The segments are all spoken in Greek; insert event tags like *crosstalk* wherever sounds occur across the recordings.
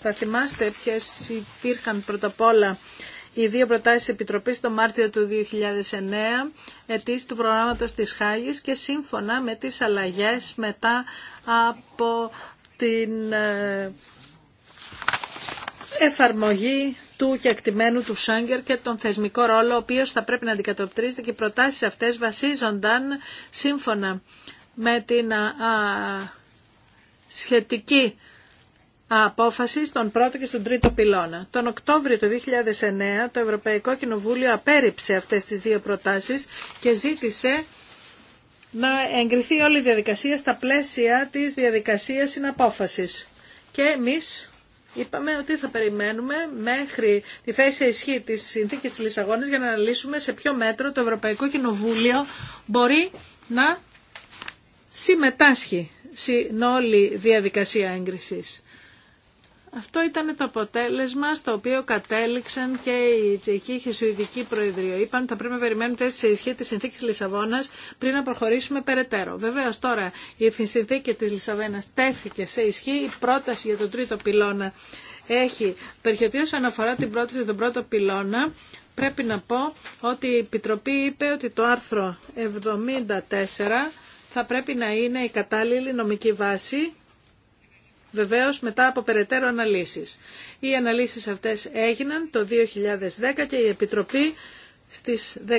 Θα θυμάστε ποιες υπήρχαν πρώτα απ' όλα οι δύο προτάσεις Επιτροπής το Μάρτιο του 2009, ετής του προγράμματος της Χάγης και σύμφωνα με τις αλλαγές μετά από την ε, εφαρμογή του και εκτιμένου του Σάγκερ και τον θεσμικό ρόλο ο οποίος θα πρέπει να αντικατοπτρίζεται και οι προτάσεις αυτές βασίζονταν σύμφωνα με την σχετική απόφαση στον πρώτο και στον τρίτο πυλώνα. Τον Οκτώβριο του 2009 το Ευρωπαϊκό Κοινοβούλιο απέρριψε αυτές τις δύο προτάσεις και ζήτησε να εγκριθεί όλη η διαδικασία στα πλαίσια της διαδικασίας συναπόφασης. Και εμείς είπαμε ότι θα περιμένουμε μέχρι τη θέση ισχύ της συνθήκης της Λισαγόνης για να αναλύσουμε σε ποιο μέτρο το Ευρωπαϊκό Κοινοβούλιο μπορεί να συμμετάσχει στην όλη διαδικασία έγκρισης. Αυτό ήταν το αποτέλεσμα στο οποίο κατέληξαν και η Τσεχή και οι Σουηδικοί Προεδρία. Είπαν θα πρέπει να περιμένουμε τέσσερι σε ισχύ τη συνθήκη τη Λισαβόνα πριν να προχωρήσουμε περαιτέρω. Βεβαίω τώρα η συνθήκη τη Λισαβόνα τέθηκε σε ισχύ. Η πρόταση για τον τρίτο πυλώνα έχει περιχειωθεί όσον αφορά την πρόταση για τον πρώτο πυλώνα. Πρέπει να πω ότι η Επιτροπή είπε ότι το άρθρο 74 θα πρέπει να είναι η κατάλληλη νομική βάση Βεβαίως μετά από περαιτέρω αναλύσεις. Οι αναλύσεις αυτές έγιναν το 2010 και η Επιτροπή στις 16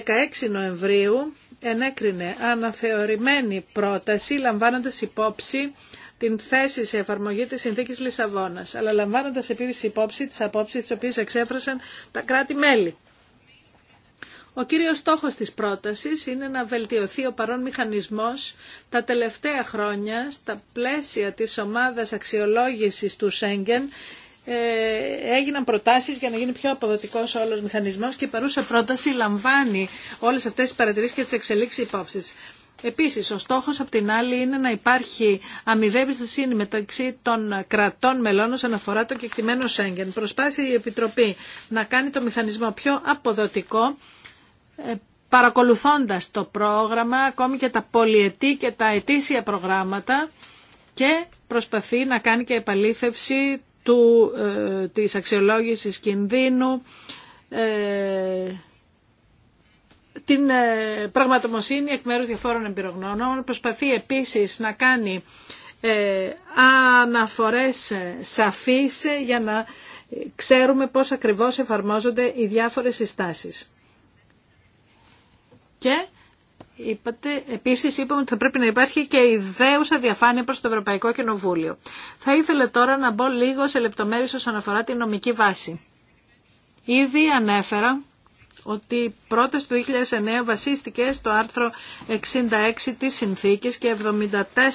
Νοεμβρίου ενέκρινε αναθεωρημένη πρόταση λαμβάνοντας υπόψη την θέση σε εφαρμογή της Συνθήκης Λισαβόνας, αλλά λαμβάνοντας επίσης υπόψη τις απόψεις τις οποίες εξέφρασαν τα κράτη-μέλη. Ο κύριος στόχος της πρότασης είναι να βελτιωθεί ο παρόν μηχανισμός τα τελευταία χρόνια στα πλαίσια της ομάδας αξιολόγησης του Σέγγεν ε, έγιναν προτάσεις για να γίνει πιο αποδοτικός όλος ο μηχανισμός και η παρούσα πρόταση λαμβάνει όλες αυτές τις παρατηρήσεις και τις εξελίξεις υπόψη. Επίσης, ο στόχος απ' την άλλη είναι να υπάρχει αμοιβή εμπιστοσύνη μεταξύ των κρατών μελών όσον αφορά το κεκτημένο Σέγγεν. Προσπάθησε η Επιτροπή να κάνει το μηχανισμό πιο αποδοτικό ε, παρακολουθώντας το πρόγραμμα, ακόμη και τα πολυετή και τα ετήσια προγράμματα και προσπαθεί να κάνει και επαλήθευση του, ε, της αξιολόγησης κινδύνου, ε, την ε, πραγματομοσύνη εκ μέρους διαφόρων εμπειρογνώμων. Προσπαθεί επίσης να κάνει ε, αναφορές σαφείς για να ξέρουμε πώς ακριβώς εφαρμόζονται οι διάφορες συστάσεις. Και είπατε, επίσης είπαμε ότι θα πρέπει να υπάρχει και ιδέουσα διαφάνεια προς το Ευρωπαϊκό Κοινοβούλιο. Θα ήθελα τώρα να μπω λίγο σε λεπτομέρειες όσον αφορά τη νομική βάση. Ήδη ανέφερα ότι η του 2009 βασίστηκε στο άρθρο 66 της συνθήκης και 74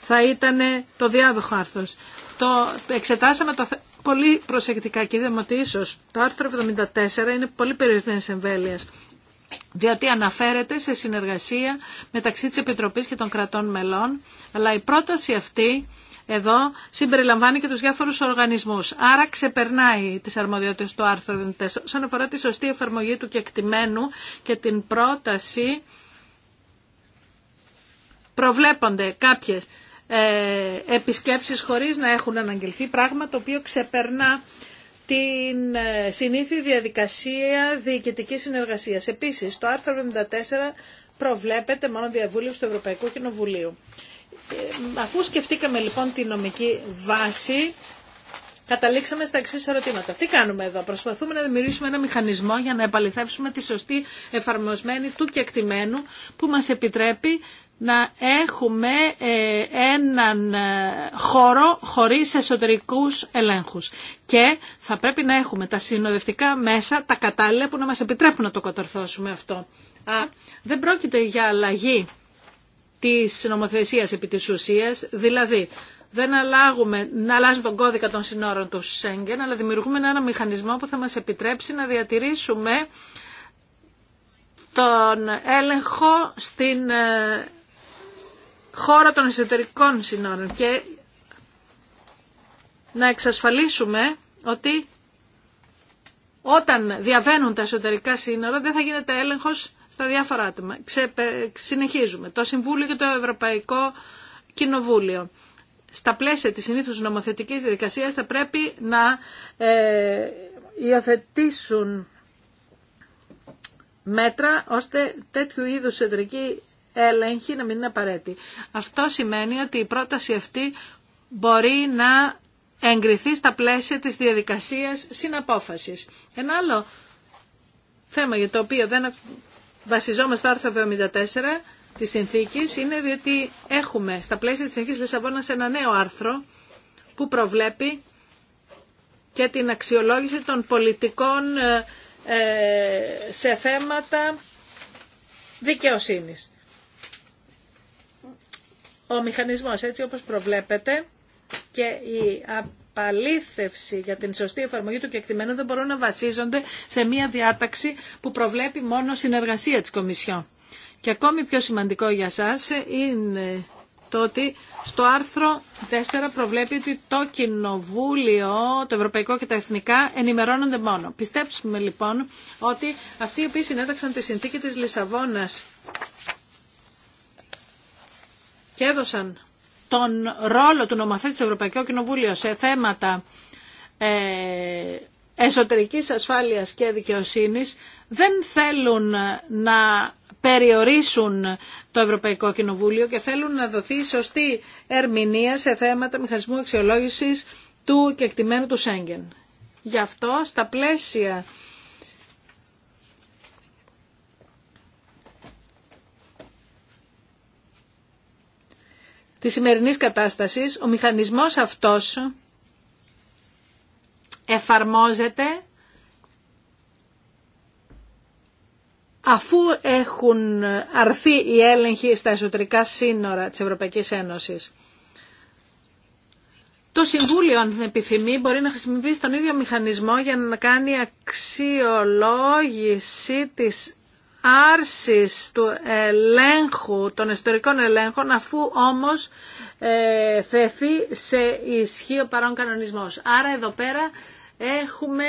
θα ήταν το διάδοχο άρθρο. Το εξετάσαμε το πολύ προσεκτικά και είδαμε ότι ίσως το άρθρο 74 είναι πολύ περιορισμένες εμβέλειες διότι αναφέρεται σε συνεργασία μεταξύ της Επιτροπής και των κρατών μελών, αλλά η πρόταση αυτή εδώ συμπεριλαμβάνει και τους διάφορους οργανισμούς. Άρα ξεπερνάει τις αρμοδιότητες του άρθρου 4. Σαν αφορά τη σωστή εφαρμογή του κεκτημένου και την πρόταση προβλέπονται κάποιες ε, επισκέψεις χωρίς να έχουν αναγγελθεί, πράγμα το οποίο ξεπερνά την ε, συνήθη διαδικασία διοικητικής συνεργασίας. Επίσης, το άρθρο 74 προβλέπεται μόνο διαβούλευση του Ευρωπαϊκού Κοινοβουλίου. Ε, αφού σκεφτήκαμε λοιπόν τη νομική βάση, καταλήξαμε στα εξή ερωτήματα. Τι κάνουμε εδώ, προσπαθούμε να δημιουργήσουμε ένα μηχανισμό για να επαληθεύσουμε τη σωστή εφαρμοσμένη του κεκτημένου που μας επιτρέπει να έχουμε ε, έναν ε, χώρο χωρίς εσωτερικούς ελέγχους. Και θα πρέπει να έχουμε τα συνοδευτικά μέσα, τα κατάλληλα που να μας επιτρέπουν να το κατορθώσουμε αυτό. δεν πρόκειται για αλλαγή της νομοθεσίας επί της ουσίας, δηλαδή δεν αλλάγουμε, να αλλάζουμε τον κώδικα των συνόρων του Σέγγεν, αλλά δημιουργούμε ένα μηχανισμό που θα μας επιτρέψει να διατηρήσουμε τον έλεγχο στην ε, χώρο των εσωτερικών συνόρων και να εξασφαλίσουμε ότι όταν διαβαίνουν τα εσωτερικά σύνορα δεν θα γίνεται έλεγχος στα διάφορα άτομα. Συνεχίζουμε. Το Συμβούλιο και το Ευρωπαϊκό Κοινοβούλιο. Στα πλαίσια της συνήθους νομοθετικής διαδικασίας θα πρέπει να ε, υιοθετήσουν μέτρα ώστε τέτοιου είδους εσωτερική Ελέγχη να μην είναι απαραίτητη. Αυτό σημαίνει ότι η πρόταση αυτή μπορεί να εγκριθεί στα πλαίσια της διαδικασίας συναπόφασης. Ένα άλλο θέμα για το οποίο δεν βασιζόμαστε στο άρθρο 74 της συνθήκης είναι διότι έχουμε στα πλαίσια της συνθήκης Λισαβόνας ένα νέο άρθρο που προβλέπει και την αξιολόγηση των πολιτικών ε, ε, σε θέματα δικαιοσύνης ο μηχανισμός έτσι όπως προβλέπεται και η απαλήθευση για την σωστή εφαρμογή του κεκτημένου δεν μπορούν να βασίζονται σε μια διάταξη που προβλέπει μόνο συνεργασία της Κομισιόν. Και ακόμη πιο σημαντικό για σας είναι το ότι στο άρθρο 4 προβλέπει ότι το Κοινοβούλιο, το Ευρωπαϊκό και τα Εθνικά ενημερώνονται μόνο. Πιστέψουμε λοιπόν ότι αυτοί οι οποίοι συνέταξαν τη συνθήκη της Λισαβόνας και έδωσαν τον ρόλο του νομοθέτη του Ευρωπαϊκού Κοινοβούλιο σε θέματα ε, εσωτερικής ασφάλειας και δικαιοσύνης δεν θέλουν να περιορίσουν το Ευρωπαϊκό Κοινοβούλιο και θέλουν να δοθεί σωστή ερμηνεία σε θέματα μηχανισμού αξιολόγησης του κεκτημένου του Σέγγεν. Γι' αυτό στα πλαίσια της σημερινής κατάστασης, ο μηχανισμός αυτός εφαρμόζεται αφού έχουν αρθεί οι έλεγχοι στα εσωτερικά σύνορα της Ευρωπαϊκής Ένωσης. Το Συμβούλιο, αν επιθυμεί, μπορεί να χρησιμοποιήσει τον ίδιο μηχανισμό για να κάνει αξιολόγηση της άρσης του ελέγχου, των ιστορικών ελέγχων, αφού όμως ε, θεθεί σε ισχύ ο παρόν κανονισμός. Άρα εδώ πέρα έχουμε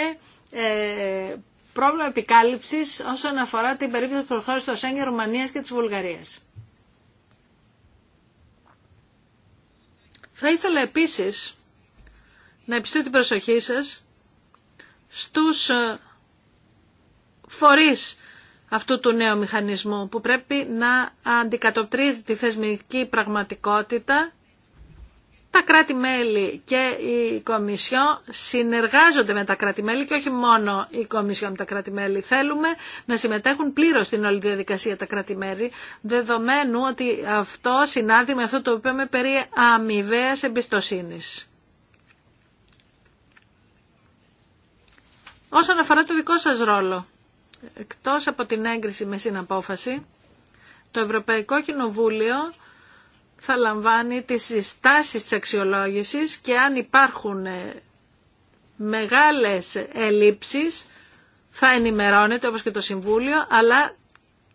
ε, πρόβλημα επικάλυψης όσον αφορά την περίπτωση που προχώρησε στο Σέγγε Ρουμανίας και της Βουλγαρίας. Θα ήθελα επίσης να επιστήσω την προσοχή σας στους ε, φορείς αυτού του νέου μηχανισμού που πρέπει να αντικατοπτρίζει τη θεσμική πραγματικότητα. Τα κράτη-μέλη και η Κομισιό συνεργάζονται με τα κράτη-μέλη και όχι μόνο η Κομισιό με τα κράτη-μέλη. Θέλουμε να συμμετέχουν πλήρως στην όλη διαδικασία τα κράτη-μέλη, δεδομένου ότι αυτό συνάδει με αυτό το οποίο είπαμε περί αμοιβαίας εμπιστοσύνης. Όσον αφορά το δικό σας ρόλο, εκτός από την έγκριση με συναπόφαση, το Ευρωπαϊκό Κοινοβούλιο θα λαμβάνει τις συστάσεις της αξιολόγησης και αν υπάρχουν ε, μεγάλες ελλείψεις θα ενημερώνεται όπως και το Συμβούλιο, αλλά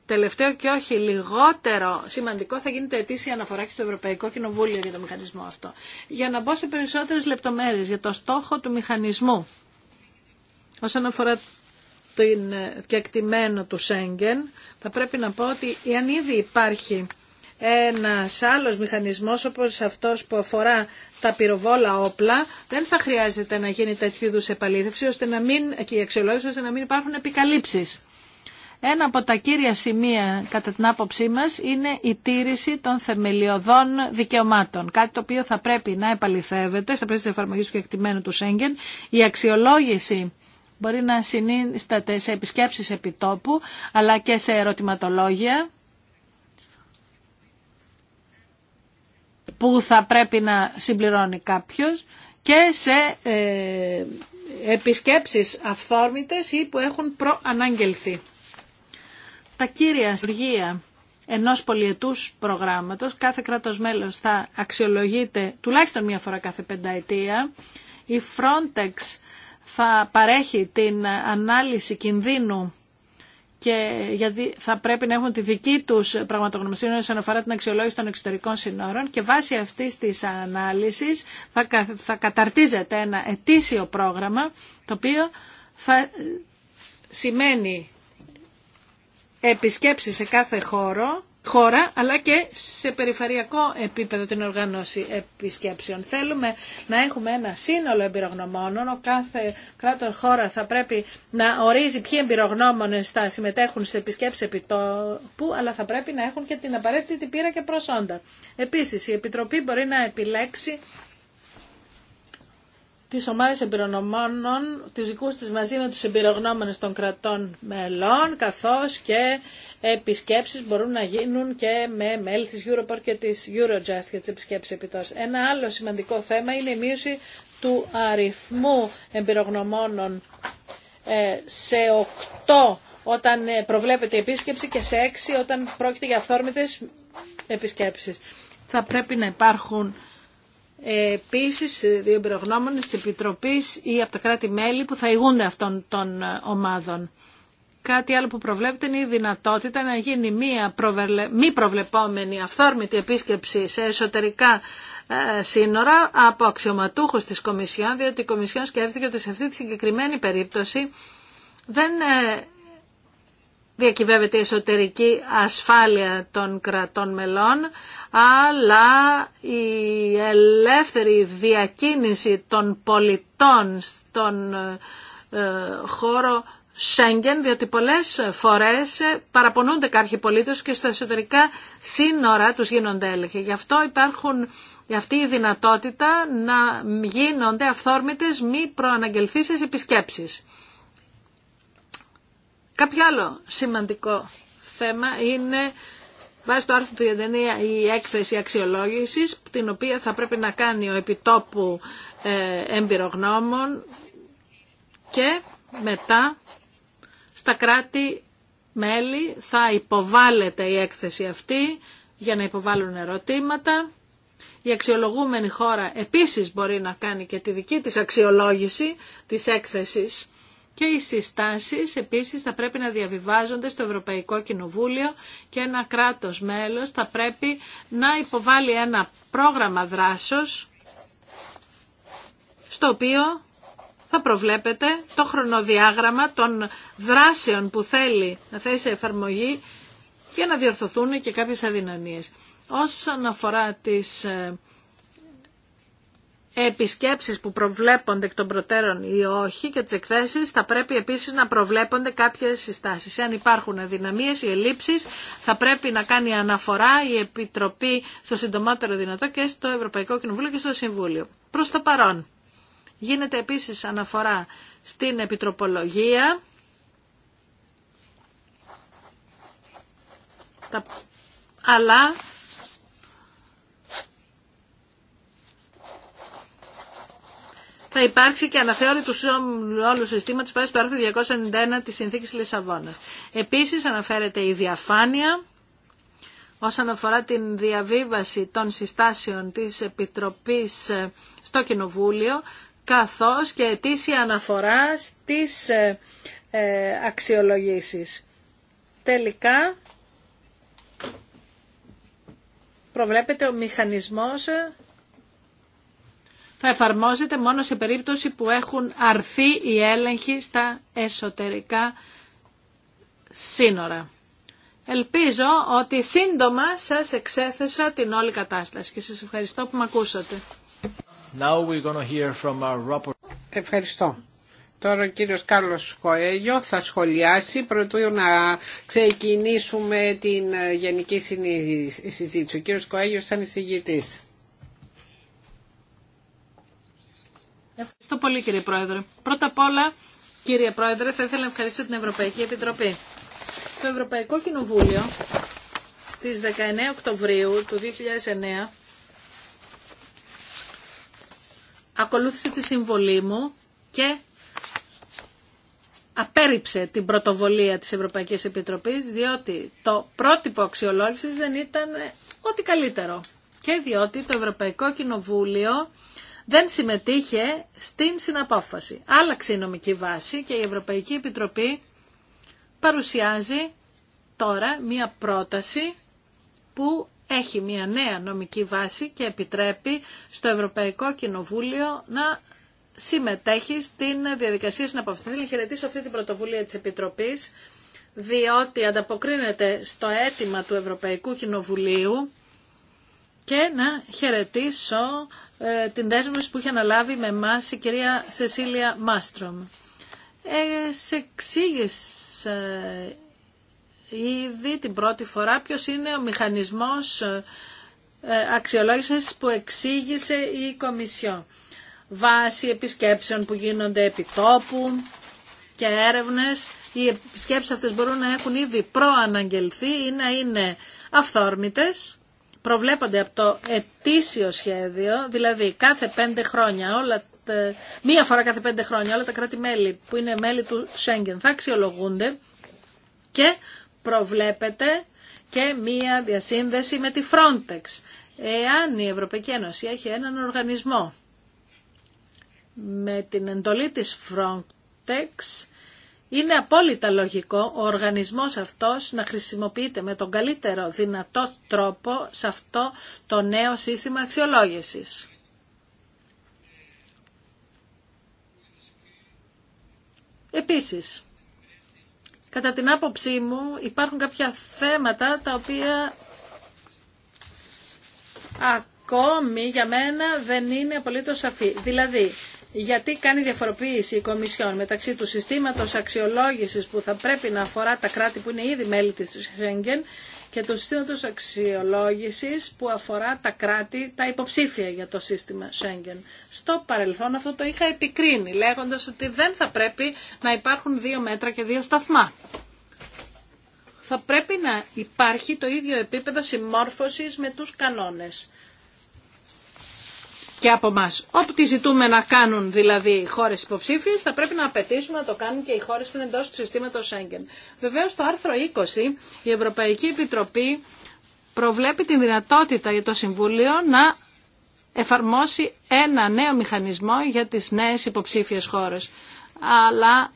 τελευταίο και όχι λιγότερο σημαντικό θα γίνεται αιτήσια αναφορά και στο Ευρωπαϊκό Κοινοβούλιο για το μηχανισμό αυτό. Για να μπω σε περισσότερες λεπτομέρειες για το στόχο του μηχανισμού όσον αφορά την εκτιμένο του Σέγγεν, θα πρέπει να πω ότι αν ήδη υπάρχει ένας άλλος μηχανισμός όπως αυτός που αφορά τα πυροβόλα όπλα, δεν θα χρειάζεται να γίνει τέτοιου είδους επαλήθευση ώστε να μην, και η αξιολόγηση ώστε να μην υπάρχουν επικαλύψεις. Ένα από τα κύρια σημεία κατά την άποψή μας είναι η τήρηση των θεμελιωδών δικαιωμάτων. Κάτι το οποίο θα πρέπει να επαληθεύεται στα πλαίσια της εφαρμογής του κεκτημένου του Σέγγεν. Η αξιολόγηση μπορεί να συνίσταται σε επισκέψεις επιτόπου αλλά και σε ερωτηματολόγια που θα πρέπει να συμπληρώνει κάποιος και σε ε, επισκέψεις αυθόρμητες ή που έχουν προαναγγελθεί. Τα κύρια στουργία ενός πολιετούς προγράμματος, κάθε κράτος μέλος θα αξιολογείται τουλάχιστον μία φορά κάθε πενταετία. Η Frontex θα παρέχει την ανάλυση κινδύνου και γιατί θα πρέπει να έχουν τη δική τους πραγματογνωμοσύνη όσον αφορά την αξιολόγηση των εξωτερικών συνόρων και βάσει αυτής της ανάλυσης θα, θα καταρτίζεται ένα ετήσιο πρόγραμμα το οποίο θα σημαίνει επισκέψεις σε κάθε χώρο χώρα αλλά και σε περιφερειακό επίπεδο την οργάνωση επισκέψεων. Θέλουμε να έχουμε ένα σύνολο εμπειρογνωμόνων. Ο κάθε κράτο χώρα θα πρέπει να ορίζει ποιοι εμπειρογνώμονε θα συμμετέχουν σε επισκέψει επιτόπου, αλλά θα πρέπει να έχουν και την απαραίτητη πείρα και προσόντα. Επίση, η Επιτροπή μπορεί να επιλέξει τι ομάδε εμπειρογνωμόνων, του δικού τη μαζί με του εμπειρογνώμονε των κρατών μελών, καθώ και επισκέψεις μπορούν να γίνουν και με μέλη της Europort και της Eurojust για τις επισκέψεις επιτός. Ένα άλλο σημαντικό θέμα είναι η μείωση του αριθμού εμπειρογνωμόνων ε, σε 8 όταν ε, προβλέπεται η επίσκεψη και σε 6 όταν πρόκειται για αυθόρμητες επισκέψεις. Θα πρέπει να υπάρχουν ε, Επίση, δύο εμπειρογνώμονε τη Επιτροπή ή από τα κράτη-μέλη που θα ηγούνται αυτών των ομάδων. Κάτι άλλο που προβλέπεται είναι η δυνατότητα να γίνει μία μη προβλεπόμενη αυθόρμητη επίσκεψη σε εσωτερικά ε, σύνορα από αξιωματούχους της Κομισιόν, διότι η Κομισιόν σκέφτηκε ότι σε αυτή τη συγκεκριμένη περίπτωση δεν ε, διακυβεύεται η εσωτερική ασφάλεια των κρατών μελών, αλλά η ελεύθερη διακίνηση των πολιτών στον ε, χώρο Σέγγεν, διότι πολλές φορές παραπονούνται κάποιοι πολίτες και στα εσωτερικά σύνορα τους γίνονται έλεγχοι. Γι' αυτό υπάρχουν αυτή η δυνατότητα να γίνονται αυθόρμητες μη προαναγγελθήσεις επισκέψεις. Κάποιο άλλο σημαντικό θέμα είναι βάσει το άρθρο 39 η έκθεση αξιολόγησης την οποία θα πρέπει να κάνει ο επιτόπου ε, εμπειρογνώμων και μετά στα κράτη-μέλη θα υποβάλλεται η έκθεση αυτή για να υποβάλουν ερωτήματα. Η αξιολογούμενη χώρα επίσης μπορεί να κάνει και τη δική της αξιολόγηση της έκθεσης και οι συστάσεις επίσης θα πρέπει να διαβιβάζονται στο Ευρωπαϊκό Κοινοβούλιο και ένα κράτος μέλος θα πρέπει να υποβάλει ένα πρόγραμμα δράσεως στο οποίο θα προβλέπετε το χρονοδιάγραμμα των δράσεων που θέλει να θέσει εφαρμογή για να διορθωθούν και κάποιες αδυναμίες. Όσον αφορά τις ε, επισκέψεις που προβλέπονται εκ των προτέρων ή όχι και τις εκθέσεις θα πρέπει επίσης να προβλέπονται κάποιες συστάσεις. Αν υπάρχουν αδυναμίες ή ελλείψεις θα πρέπει να κάνει αναφορά η Επιτροπή στο συντομότερο δυνατό και στο Ευρωπαϊκό Κοινοβούλιο και στο Συμβούλιο. Προς το παρόν. Γίνεται επίσης αναφορά στην επιτροπολογία. Αλλά θα υπάρξει και αναθεώρη του όλου συστήματο πάνω το άρθρο 291 της Συνθήκης Λισαβόνα. Επίσης αναφέρεται η διαφάνεια όσον αφορά την διαβίβαση των συστάσεων της Επιτροπής στο Κοινοβούλιο, καθώς και αιτήσια αναφορά της ε, ε, αξιολογήσεις. Τελικά προβλέπεται ο μηχανισμός ε, θα εφαρμόζεται μόνο σε περίπτωση που έχουν αρθεί οι έλεγχοι στα εσωτερικά σύνορα. Ελπίζω ότι σύντομα σας εξέθεσα την όλη κατάσταση και σας ευχαριστώ που με ακούσατε. Ευχαριστώ. Τώρα ο κύριος Κάρλος Κοέλιο θα σχολιάσει πρωτού να ξεκινήσουμε την ε, γενική συζήτηση. Ο κύριος Κοέλιο σαν εισηγητής. Ευχαριστώ πολύ κύριε Πρόεδρε. Πρώτα απ' όλα κύριε Πρόεδρε θα ήθελα να ευχαριστήσω την Ευρωπαϊκή Επιτροπή. Το Ευρωπαϊκό Κοινοβούλιο στις 19 Οκτωβρίου του 2009 ακολούθησε τη συμβολή μου και απέρριψε την πρωτοβολία της Ευρωπαϊκής Επιτροπής διότι το πρότυπο αξιολόγηση δεν ήταν ό,τι καλύτερο και διότι το Ευρωπαϊκό Κοινοβούλιο δεν συμμετείχε στην συναπόφαση. Άλλαξε η νομική βάση και η Ευρωπαϊκή Επιτροπή παρουσιάζει τώρα μία πρόταση που έχει μια νέα νομική βάση και επιτρέπει στο Ευρωπαϊκό Κοινοβούλιο να συμμετέχει στην διαδικασία συναποφθήνης. Θέλω να χαιρετήσω αυτή την πρωτοβουλία της Επιτροπής, διότι ανταποκρίνεται στο αίτημα του Ευρωπαϊκού Κοινοβουλίου και να χαιρετήσω ε, την δέσμευση που είχε αναλάβει με εμά η κυρία Σεσίλια Μάστρομ. Ε, σε εξήγησε ήδη την πρώτη φορά ποιος είναι ο μηχανισμός ε, αξιολόγησης που εξήγησε η Κομισιό. Βάση επισκέψεων που γίνονται επί τόπου και έρευνες. Οι επισκέψεις αυτές μπορούν να έχουν ήδη προαναγγελθεί ή να είναι αυθόρμητες. Προβλέπονται από το ετήσιο σχέδιο, δηλαδή κάθε πέντε χρόνια όλα μία φορά κάθε πέντε χρόνια όλα τα κράτη-μέλη που είναι μέλη του Σέγγεν θα αξιολογούνται και προβλέπεται και μία διασύνδεση με τη Frontex. Εάν η Ευρωπαϊκή Ένωση έχει έναν οργανισμό με την εντολή της Frontex, είναι απόλυτα λογικό ο οργανισμός αυτός να χρησιμοποιείται με τον καλύτερο δυνατό τρόπο σε αυτό το νέο σύστημα αξιολόγησης. Επίσης, Κατά την άποψή μου υπάρχουν κάποια θέματα τα οποία ακόμη για μένα δεν είναι απολύτως σαφή. Δηλαδή, γιατί κάνει διαφοροποίηση η Κομισιόν μεταξύ του συστήματος αξιολόγησης που θα πρέπει να αφορά τα κράτη που είναι ήδη μέλη της Σέγγεν και του συστήματος αξιολόγησης που αφορά τα κράτη, τα υποψήφια για το σύστημα Schengen. Στο παρελθόν αυτό το είχα επικρίνει, λέγοντας ότι δεν θα πρέπει να υπάρχουν δύο μέτρα και δύο σταθμά. Θα πρέπει να υπάρχει το ίδιο επίπεδο συμμόρφωσης με τους κανόνες και από εμά. Ό,τι ζητούμε να κάνουν δηλαδή οι χώρε υποψήφιε, θα πρέπει να απαιτήσουμε να το κάνουν και οι χώρε που είναι εντό του συστήματο Σέγγεν. Βεβαίω, το άρθρο 20, η Ευρωπαϊκή Επιτροπή προβλέπει την δυνατότητα για το Συμβούλιο να εφαρμόσει ένα νέο μηχανισμό για τις νέες υποψήφιες χώρες. Αλλά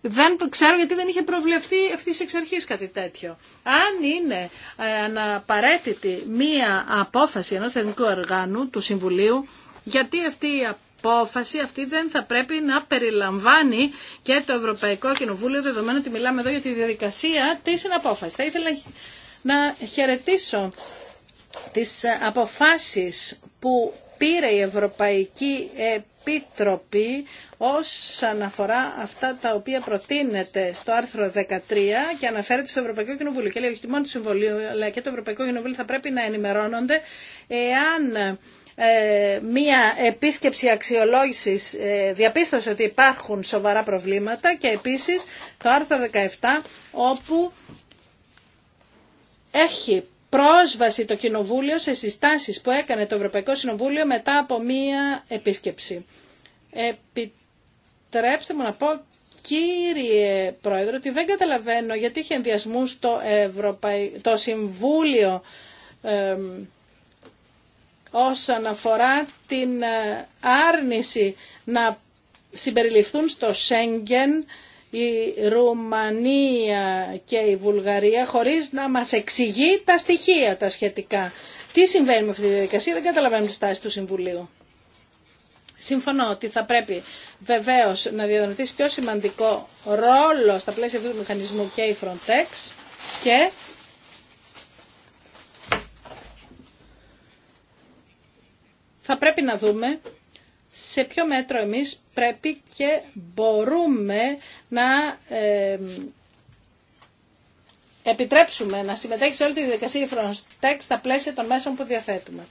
δεν ξέρω γιατί δεν είχε προβλεφθεί ευθύ εξ αρχή κάτι τέτοιο. Αν είναι ε, αναπαραίτητη μία απόφαση ενό θεσμικού οργάνου του Συμβουλίου, γιατί αυτή η απόφαση αυτή δεν θα πρέπει να περιλαμβάνει και το Ευρωπαϊκό Κοινοβούλιο, δεδομένου ότι μιλάμε εδώ για τη διαδικασία της συναπόφαση. Θα ήθελα να χαιρετήσω τις αποφάσεις που πήρε η Ευρωπαϊκή Επίτροπη όσον αφορά αυτά τα οποία προτείνεται στο άρθρο 13 και αναφέρεται στο Ευρωπαϊκό Κοινοβούλιο. Και λέει όχι μόνο το Συμβολίο αλλά και το Ευρωπαϊκό Κοινοβούλιο θα πρέπει να ενημερώνονται εάν ε, μία επίσκεψη αξιολόγησης ε, διαπίστωσε ότι υπάρχουν σοβαρά προβλήματα και επίσης το άρθρο 17 όπου έχει πρόσβαση το Κοινοβούλιο σε συστάσεις που έκανε το Ευρωπαϊκό Συνοβούλιο μετά από μία επίσκεψη. Επιτρέψτε μου να πω κύριε Πρόεδρο ότι δεν καταλαβαίνω γιατί είχε ενδιασμού το, Ευρωπαϊ... το Συμβούλιο όσον αφορά την ε, άρνηση να συμπεριληφθούν στο Σέγγεν η Ρουμανία και η Βουλγαρία χωρίς να μας εξηγεί τα στοιχεία τα σχετικά. Τι συμβαίνει με αυτή τη διαδικασία, δεν καταλαβαίνουμε τη στάση του Συμβουλίου. Συμφωνώ ότι θα πρέπει βεβαίω να διαδραματίσει πιο σημαντικό ρόλο στα πλαίσια αυτού του μηχανισμού και η Frontex και θα πρέπει να δούμε σε ποιο μέτρο εμείς πρέπει και μπορούμε να επιτρέψουμε να συμμετέχει σε όλη τη διαδικασία Frontex στα πλαίσια των μέσων που διαθέτουμε.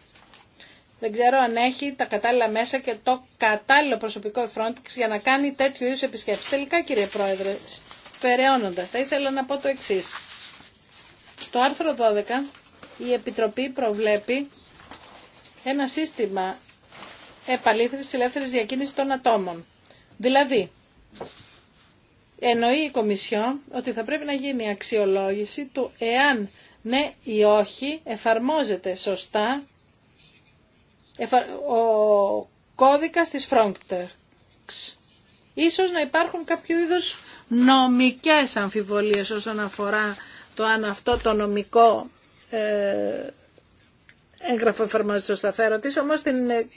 Δεν ξέρω αν έχει τα κατάλληλα μέσα και το κατάλληλο προσωπικό Frontex για να κάνει τέτοιου είδους επισκέψεις. Τελικά κύριε Πρόεδρε, στερεώνοντας, θα ήθελα να πω το εξής. Στο άρθρο 12 η Επιτροπή προβλέπει ένα σύστημα επαλήθευσης ελεύθερης διακίνησης των ατόμων. Δηλαδή, εννοεί η Κομισιό ότι θα πρέπει να γίνει αξιολόγηση του εάν ναι ή όχι εφαρμόζεται σωστά ο κώδικας της Frontex. Ίσως να υπάρχουν κάποιο είδους νομικές αμφιβολίες όσον αφορά το αν αυτό το νομικό ε, έγγραφο εφαρμόζει στο σταθέρο τη, όμω την ε,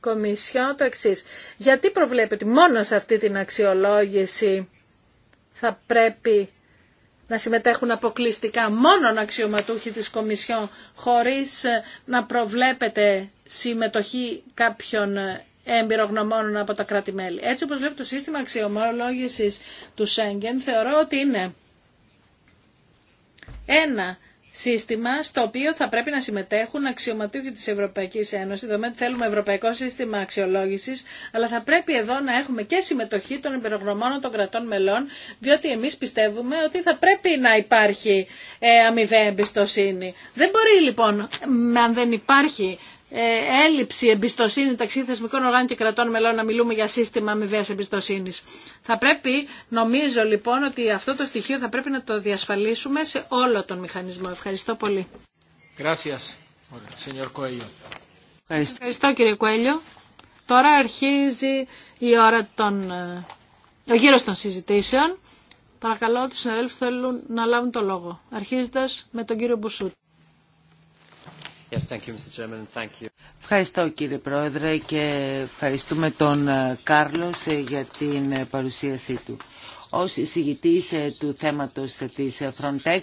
Κομισιό το εξή. Γιατί προβλέπει ότι μόνο σε αυτή την αξιολόγηση θα πρέπει να συμμετέχουν αποκλειστικά μόνον αξιωματούχοι της Κομισιόν χωρίς ε, να προβλέπεται συμμετοχή κάποιων ε, εμπειρογνωμόνων από τα κράτη-μέλη. Έτσι όπως βλέπει το σύστημα αξιωμολόγησης του Σέγγεν θεωρώ ότι είναι ένα σύστημα στο οποίο θα πρέπει να συμμετέχουν αξιωματούχοι της Ευρωπαϊκής Ένωσης, δηλαδή θέλουμε ευρωπαϊκό σύστημα αξιολόγησης, αλλά θα πρέπει εδώ να έχουμε και συμμετοχή των εμπειρογνωμόνων των κρατών μελών, διότι εμείς πιστεύουμε ότι θα πρέπει να υπάρχει ε, αμοιβαία εμπιστοσύνη. Δεν μπορεί λοιπόν, αν δεν υπάρχει ε, έλλειψη εμπιστοσύνη μεταξύ θεσμικών οργάνων και κρατών μελών να μιλούμε για σύστημα αμοιβαία εμπιστοσύνη. Θα πρέπει, νομίζω λοιπόν, ότι αυτό το στοιχείο θα πρέπει να το διασφαλίσουμε σε όλο τον μηχανισμό. Ευχαριστώ πολύ. Ευχαριστώ. Ευχαριστώ κύριε Κουέλιο. Τώρα αρχίζει η ώρα των, ε, ο των συζητήσεων. Παρακαλώ τους συναδέλφους θέλουν να λάβουν το λόγο. Αρχίζοντας με τον κύριο Μπουσούτ. Ευχαριστώ κύριε Πρόεδρε και ευχαριστούμε τον ε, Κάρλος ε, για την ε, παρουσίασή του. Ως εισηγητής του θέματος της Frontex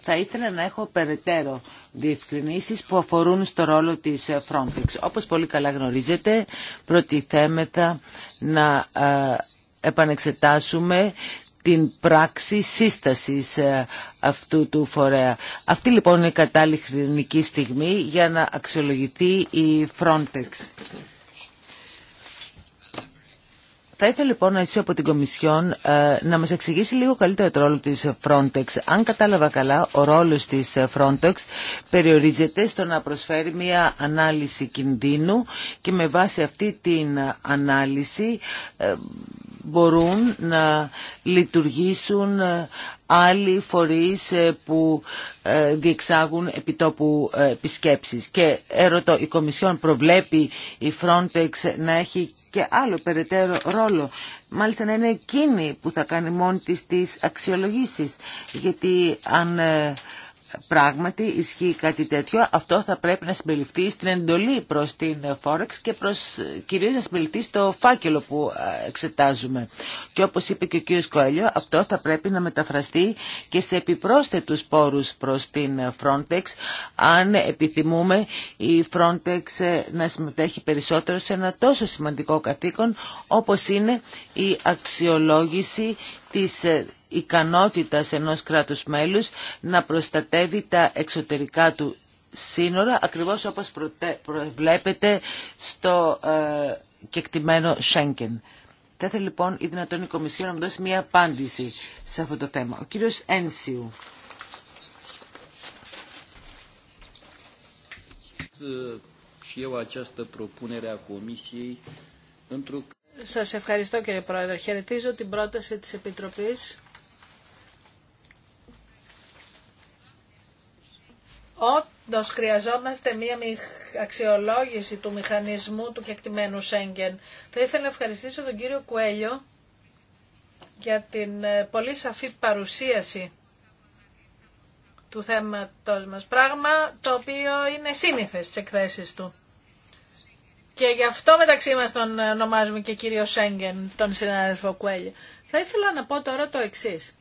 θα ήθελα να έχω περαιτέρω διευκρινήσεις που αφορούν στο ρόλο της Frontex. Όπως πολύ καλά γνωρίζετε, προτιθέμεθα να επανεξετάσουμε την πράξη σύστασης ε, αυτού του φορέα. Αυτή λοιπόν είναι η κατάλληλη χρονική στιγμή για να αξιολογηθεί η Frontex. Θα ήθελα λοιπόν έτσι από την Κομισιόν ε, να μας εξηγήσει λίγο καλύτερα το ρόλο της Frontex. Αν κατάλαβα καλά, ο ρόλος της ε, Frontex περιορίζεται στο να προσφέρει μια ανάλυση κινδύνου και με βάση αυτή την ανάλυση μπορούν να λειτουργήσουν ε, άλλοι φορείς ε, που ε, διεξάγουν επιτόπου επισκέψεις. Και ερωτώ, η Κομισιόν προβλέπει η Frontex να έχει και άλλο περαιτέρω ρόλο. Μάλιστα να είναι εκείνη που θα κάνει μόνη της τις αξιολογήσεις. Γιατί αν πράγματι ισχύει κάτι τέτοιο, αυτό θα πρέπει να συμπεριληφθεί στην εντολή προς την Forex και προς, κυρίως να συμπεριληφθεί στο φάκελο που εξετάζουμε. Και όπως είπε και ο κύριος Κοέλιο, αυτό θα πρέπει να μεταφραστεί και σε επιπρόσθετους πόρους προς την Frontex, αν επιθυμούμε η Frontex ε, να συμμετέχει περισσότερο σε ένα τόσο σημαντικό καθήκον, όπως είναι η αξιολόγηση της ε, ικανότητας ενός κράτους μέλους να προστατεύει τα εξωτερικά του σύνορα, ακριβώς όπως προβλέπεται στο ε, κεκτημένο Σέγγεν. Θα ήθελα λοιπόν η δυνατόν η Κομισιό να μου δώσει μια απάντηση σε αυτό το θέμα. Ο κύριος Ένσιου. Σας ευχαριστώ κύριε Πρόεδρε. Χαιρετίζω την πρόταση της Επιτροπής Όντω χρειαζόμαστε μία αξιολόγηση του μηχανισμού του κεκτημένου Σέγγεν. Θα ήθελα να ευχαριστήσω τον κύριο Κουέλιο για την ε, πολύ σαφή παρουσίαση του θέματος μας. Πράγμα το οποίο είναι σύνηθες στις εκθέσεις του. Και γι' αυτό μεταξύ μας τον ε, ονομάζουμε και κύριο Σέγγεν, τον συνάδελφο Κουέλιο. Θα ήθελα να πω τώρα το εξής.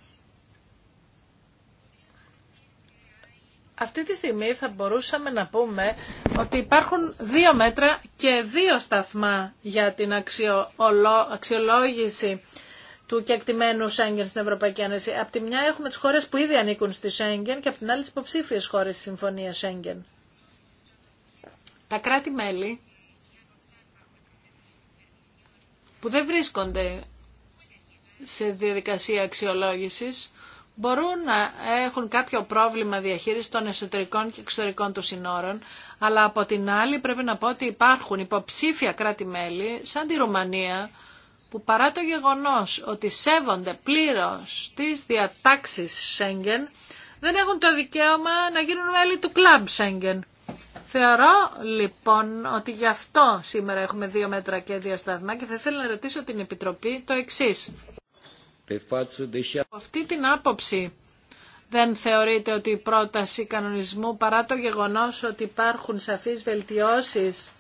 αυτή τη στιγμή θα μπορούσαμε να πούμε ότι υπάρχουν δύο μέτρα και δύο σταθμά για την αξιολόγηση του κεκτημένου Σέγγεν στην Ευρωπαϊκή Ένωση. Απ' τη μια έχουμε τις χώρες που ήδη ανήκουν στη Σέγγεν και απ' την άλλη τις υποψήφιες χώρες στη Συμφωνίας Σέγγεν. Τα κράτη-μέλη που δεν βρίσκονται σε διαδικασία αξιολόγησης μπορούν να έχουν κάποιο πρόβλημα διαχείρισης των εσωτερικών και εξωτερικών του συνόρων, αλλά από την άλλη πρέπει να πω ότι υπάρχουν υποψήφια κράτη-μέλη, σαν τη Ρουμανία, που παρά το γεγονός ότι σέβονται πλήρως τις διατάξεις Σέγγεν, δεν έχουν το δικαίωμα να γίνουν μέλη του κλαμπ Σέγγεν. Θεωρώ λοιπόν ότι γι' αυτό σήμερα έχουμε δύο μέτρα και δύο σταθμά και θα ήθελα να ρωτήσω την Επιτροπή το εξής. Αυτή την άποψη δεν θεωρείτε ότι η πρόταση κανονισμού παρά το γεγονός ότι υπάρχουν σαφείς βελτιώσεις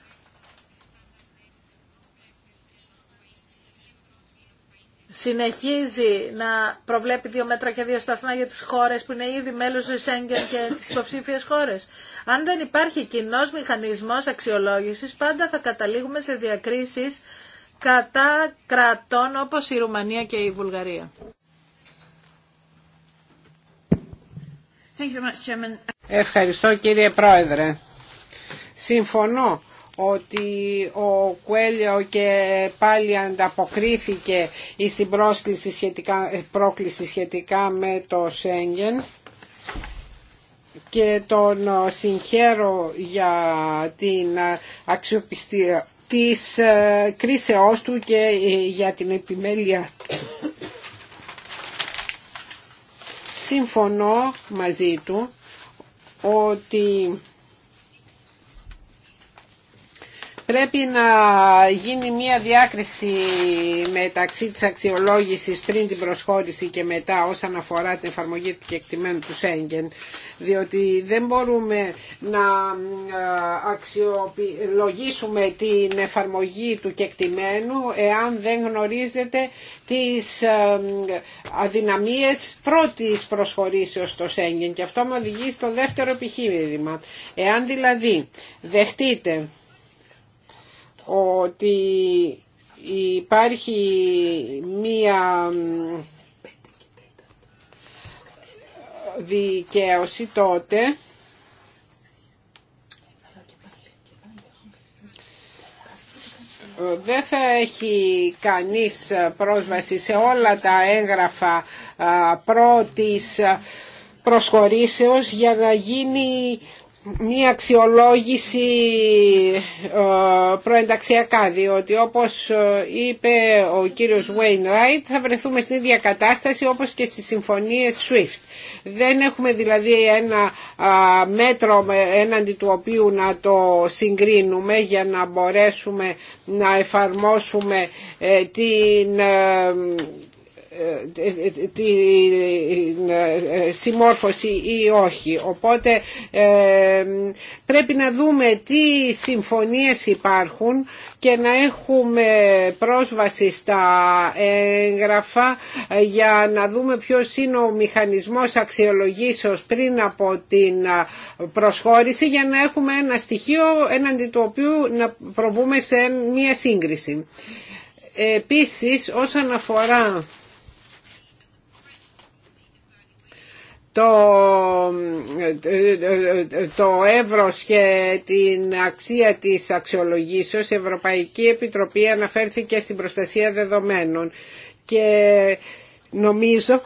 συνεχίζει να προβλέπει δύο μέτρα και δύο σταθμά για τις χώρες που είναι ήδη μέλος του Σέγγεν και τις υποψήφιες χώρες. Αν δεν υπάρχει κοινός μηχανισμός αξιολόγησης, πάντα θα καταλήγουμε σε διακρίσεις κατά κρατών όπως η Ρουμανία και η Βουλγαρία. Ευχαριστώ κύριε Πρόεδρε. Συμφωνώ ότι ο Κουέλιο και πάλι ανταποκρίθηκε στην σχετικά, πρόκληση σχετικά με το Σέγγεν και τον συγχαίρω για την αξιοπιστία της ε, κρίσεώς του και ε, για την επιμέλεια του. Συμφωνώ μαζί του ότι Πρέπει να γίνει μια διάκριση μεταξύ της αξιολόγησης πριν την προσχώρηση και μετά όσον αφορά την εφαρμογή του κεκτημένου του Σέγγεν διότι δεν μπορούμε να ε, αξιολογήσουμε την εφαρμογή του κεκτημένου εάν δεν γνωρίζετε τις ε, αδυναμίες πρώτης προσχωρήσεως στο Σέγγεν και αυτό με οδηγεί στο δεύτερο επιχείρημα. Εάν δηλαδή δεχτείτε ότι υπάρχει μία δικαίωση τότε δεν θα έχει κανείς πρόσβαση σε όλα τα έγγραφα πρώτης προσχωρήσεως για να γίνει μία αξιολόγηση ε, προενταξιακά διότι όπως ε, είπε ο κύριος Ράιτ θα βρεθούμε στην ίδια κατάσταση όπως και στις συμφωνίες SWIFT. Δεν έχουμε δηλαδή ένα μέτρο έναντι του οποίου να το συγκρίνουμε για να μπορέσουμε να εφαρμόσουμε ε, την τη συμμόρφωση ή όχι. Οπότε ε, πρέπει να δούμε τι συμφωνίες υπάρχουν και να έχουμε πρόσβαση στα έγγραφα για να δούμε ποιος είναι ο μηχανισμός αξιολογήσεως πριν από την προσχώρηση για να έχουμε ένα στοιχείο έναντι του οποίου να προβούμε σε μία σύγκριση. Επίσης όσον αφορά το, το εύρος και την αξία της αξιολογήσεως η Ευρωπαϊκή Επιτροπή αναφέρθηκε στην προστασία δεδομένων και νομίζω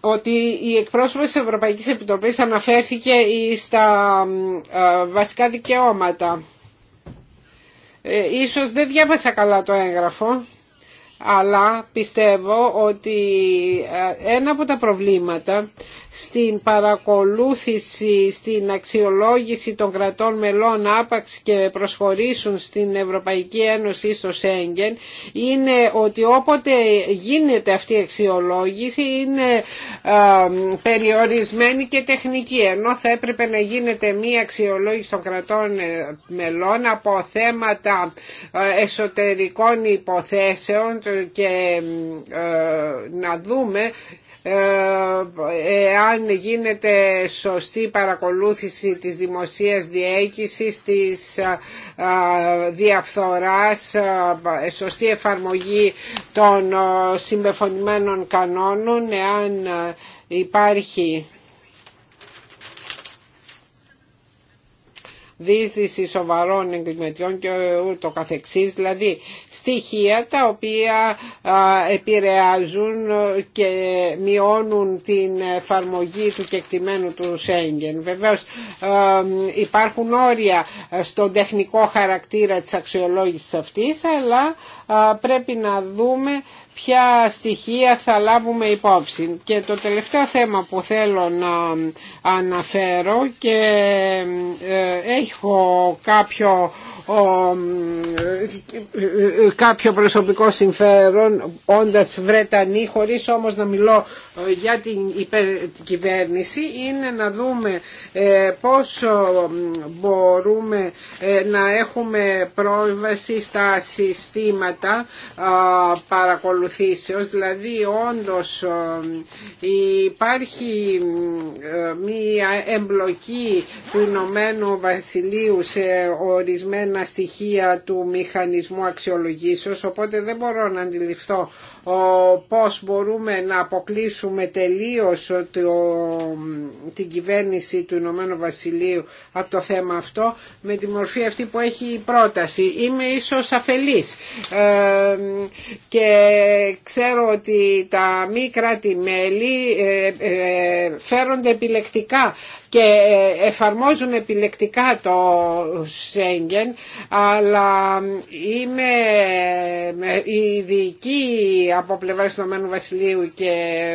ότι η εκπρόσωπος της Ευρωπαϊκής Επιτροπής αναφέρθηκε στα ε, βασικά δικαιώματα. Ε, ίσως δεν διάβασα καλά το έγγραφο αλλά πιστεύω ότι ε, ένα από τα προβλήματα στην παρακολούθηση, στην αξιολόγηση των κρατών μελών άπαξ και προσχωρήσουν στην Ευρωπαϊκή Ένωση ή στο Σέγγεν είναι ότι όποτε γίνεται αυτή η αξιολόγηση είναι ε, περιορισμένη και τεχνική ενώ θα έπρεπε να γίνεται μία αξιολόγηση των κρατών ε, μελών από θέματα εσωτερικών υποθέσεων και ε, να δούμε αν ε, γίνεται σωστή παρακολούθηση της δημοσίας διέκησης της ε, διαφθοράς, σωστή εφαρμογή των συμπεφωνημένων κανόνων, εάν υπάρχει δίσδυση σοβαρών εγκληματιών και ούτω καθεξής, δηλαδή στοιχεία τα οποία επηρεάζουν και μειώνουν την εφαρμογή του κεκτημένου του Σέγγεν. Βεβαίως υπάρχουν όρια στον τεχνικό χαρακτήρα της αξιολόγησης αυτής, αλλά πρέπει να δούμε ποια στοιχεία θα λάβουμε υπόψη. Και το τελευταίο θέμα που θέλω να αναφέρω και ε, έχω κάποιο ε, ε, κάποιο προσωπικό συμφέρον όντας Βρετανή χωρίς όμως να μιλώ ε, για την υπερκυβέρνηση είναι να δούμε πόσο μπορούμε να έχουμε πρόβαση στα συστήματα παρακολουθήσεως δηλαδή όντως υπάρχει μία εμπλοκή του Ηνωμένου Βασιλείου σε ορισμένα στοιχεία του μηχανισμού αξιολογήσεως, οπότε δεν μπορώ να αντιληφθώ πώς μπορούμε να αποκλείσουμε τελείως την κυβέρνηση του Ηνωμένου Βασιλείου από το θέμα αυτό με τη μορφή αυτή που έχει η πρόταση. Είμαι ίσως αφελής ε, και ξέρω ότι τα μη κράτη-μέλη ε, ε, φέρονται επιλεκτικά και εφαρμόζουν επιλεκτικά το Σέγγεν αλλά είμαι ειδική από πλευρά του Ηνωμένου Βασιλείου και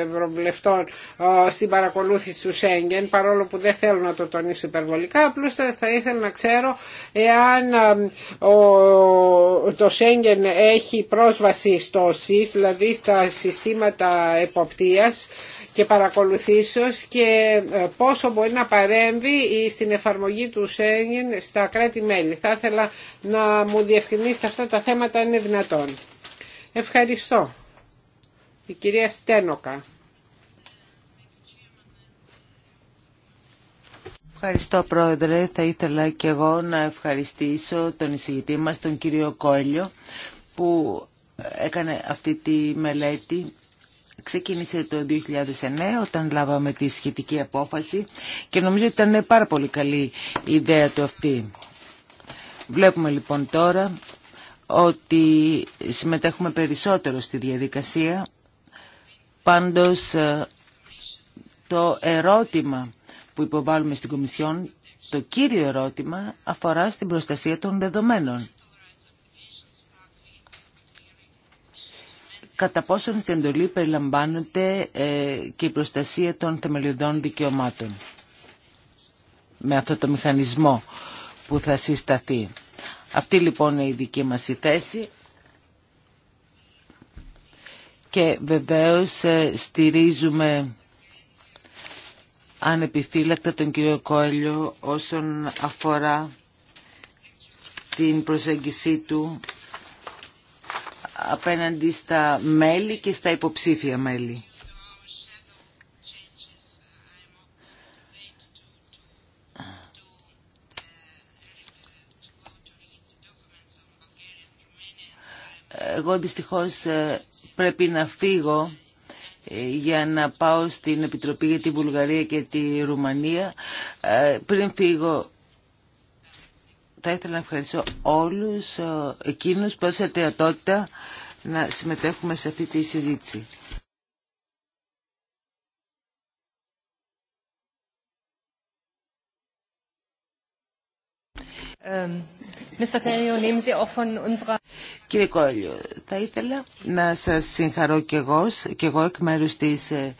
ευρωβουλευτών ε, στην παρακολούθηση του Σέγγεν παρόλο που δεν θέλω να το τονίσω υπερβολικά απλώ θα ήθελα να ξέρω εάν ε, το Σέγγεν έχει πρόσβαση στο ΣΥΣ δηλαδή στα συστήματα εποπτείας και παρακολουθήσεως και ε, πόσο μπορεί να παρέμβει στην εφαρμογή του Σέγγεν στα κράτη-μέλη. Θα ήθελα να μου διευκρινίσετε αυτά τα θέματα αν είναι δυνατόν. Ευχαριστώ. Η κυρία Στένοκα. Ευχαριστώ Πρόεδρε. Θα ήθελα και εγώ να ευχαριστήσω τον εισηγητή μας, τον κύριο Κόλιο, που έκανε αυτή τη μελέτη ξεκίνησε το 2009 όταν λάβαμε τη σχετική απόφαση και νομίζω ότι ήταν πάρα πολύ καλή η ιδέα του αυτή. Βλέπουμε λοιπόν τώρα ότι συμμετέχουμε περισσότερο στη διαδικασία Πάντως ε, το ερώτημα που υποβάλλουμε στην Κομισιόν, το κύριο ερώτημα αφορά στην προστασία των δεδομένων. Κατά πόσον στην εντολή περιλαμβάνεται ε, και η προστασία των θεμελιωδών δικαιωμάτων με αυτό το μηχανισμό που θα συσταθεί. Αυτή λοιπόν είναι η δική μας θέση και βεβαίως ε, στηρίζουμε ανεπιφύλακτα τον κύριο Κόελιο όσον αφορά την προσέγγιση του απέναντι στα μέλη και στα υποψήφια μέλη. Εγώ δυστυχώς ε, πρέπει να φύγω ε, για να πάω στην Επιτροπή για τη Βουλγαρία και τη Ρουμανία. Ε, πριν φύγω θα ήθελα να ευχαριστώ όλους εκείνους που έδωσαν να συμμετέχουμε σε αυτή τη συζήτηση. Κύριε Κόλλιο, θα ήθελα να σας συγχαρώ και εγώ, και εγώ εκ μέρους της ε,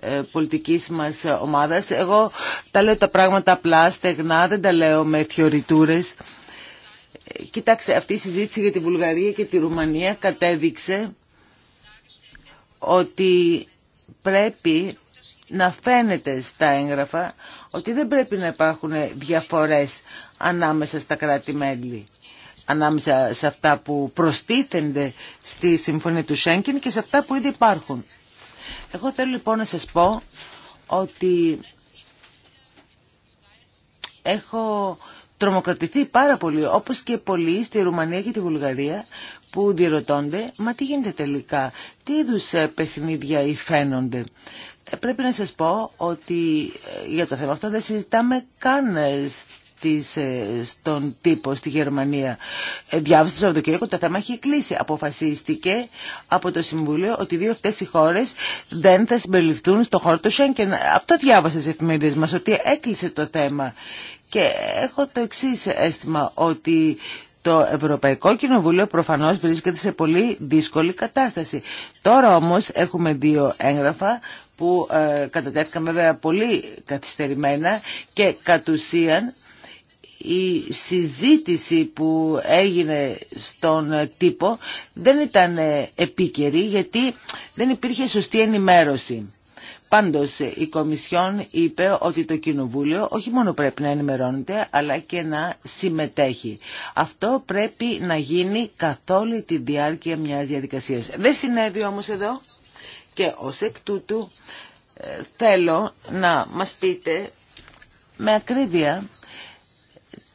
ε, πολιτικής μας ομάδας. Εγώ τα λέω τα πράγματα απλά, στεγνά, δεν τα λέω με φιωριτούρες. Κοιτάξτε, αυτή η συζήτηση για τη Βουλγαρία και τη Ρουμανία κατέδειξε ότι πρέπει να φαίνεται στα έγγραφα ότι δεν πρέπει να υπάρχουν διαφορές ανάμεσα στα κράτη-μέλη ανάμεσα σε αυτά που προστίθενται στη Συμφωνία του Σέγγεν και σε αυτά που ήδη υπάρχουν. Εγώ θέλω λοιπόν να σας πω ότι έχω τρομοκρατηθεί πάρα πολύ, όπως και πολλοί στη Ρουμανία και τη Βουλγαρία, που διερωτώνται, μα τι γίνεται τελικά, τι είδου ε, παιχνίδια υφαίνονται πρέπει να σας πω ότι ε, για το θέμα αυτό δεν συζητάμε καν ε, ε, στον τύπο στη Γερμανία. Διάβασε το Σαββατοκύριακο το θέμα έχει κλείσει. Αποφασίστηκε από το Συμβούλιο ότι δύο αυτέ οι χώρε δεν θα συμπεριληφθούν στο χώρο του Σέγγεν. Αυτό διάβασα στι εφημερίδε μα, ότι έκλεισε το θέμα. Και έχω το εξή αίσθημα, ότι το Ευρωπαϊκό Κοινοβούλιο προφανώς βρίσκεται σε πολύ δύσκολη κατάσταση. Τώρα όμως έχουμε δύο έγγραφα που ε, κατατέθηκαν βέβαια πολύ καθυστερημένα και κατ' ουσίαν η συζήτηση που έγινε στον τύπο δεν ήταν επίκαιρη γιατί δεν υπήρχε σωστή ενημέρωση. Πάντως η Κομισιόν είπε ότι το Κοινοβούλιο όχι μόνο πρέπει να ενημερώνεται αλλά και να συμμετέχει. Αυτό πρέπει να γίνει καθ' όλη τη διάρκεια μιας διαδικασίας. Δεν συνέβη όμως εδώ. Και ως εκ τούτου ε, θέλω να μας πείτε με ακρίβεια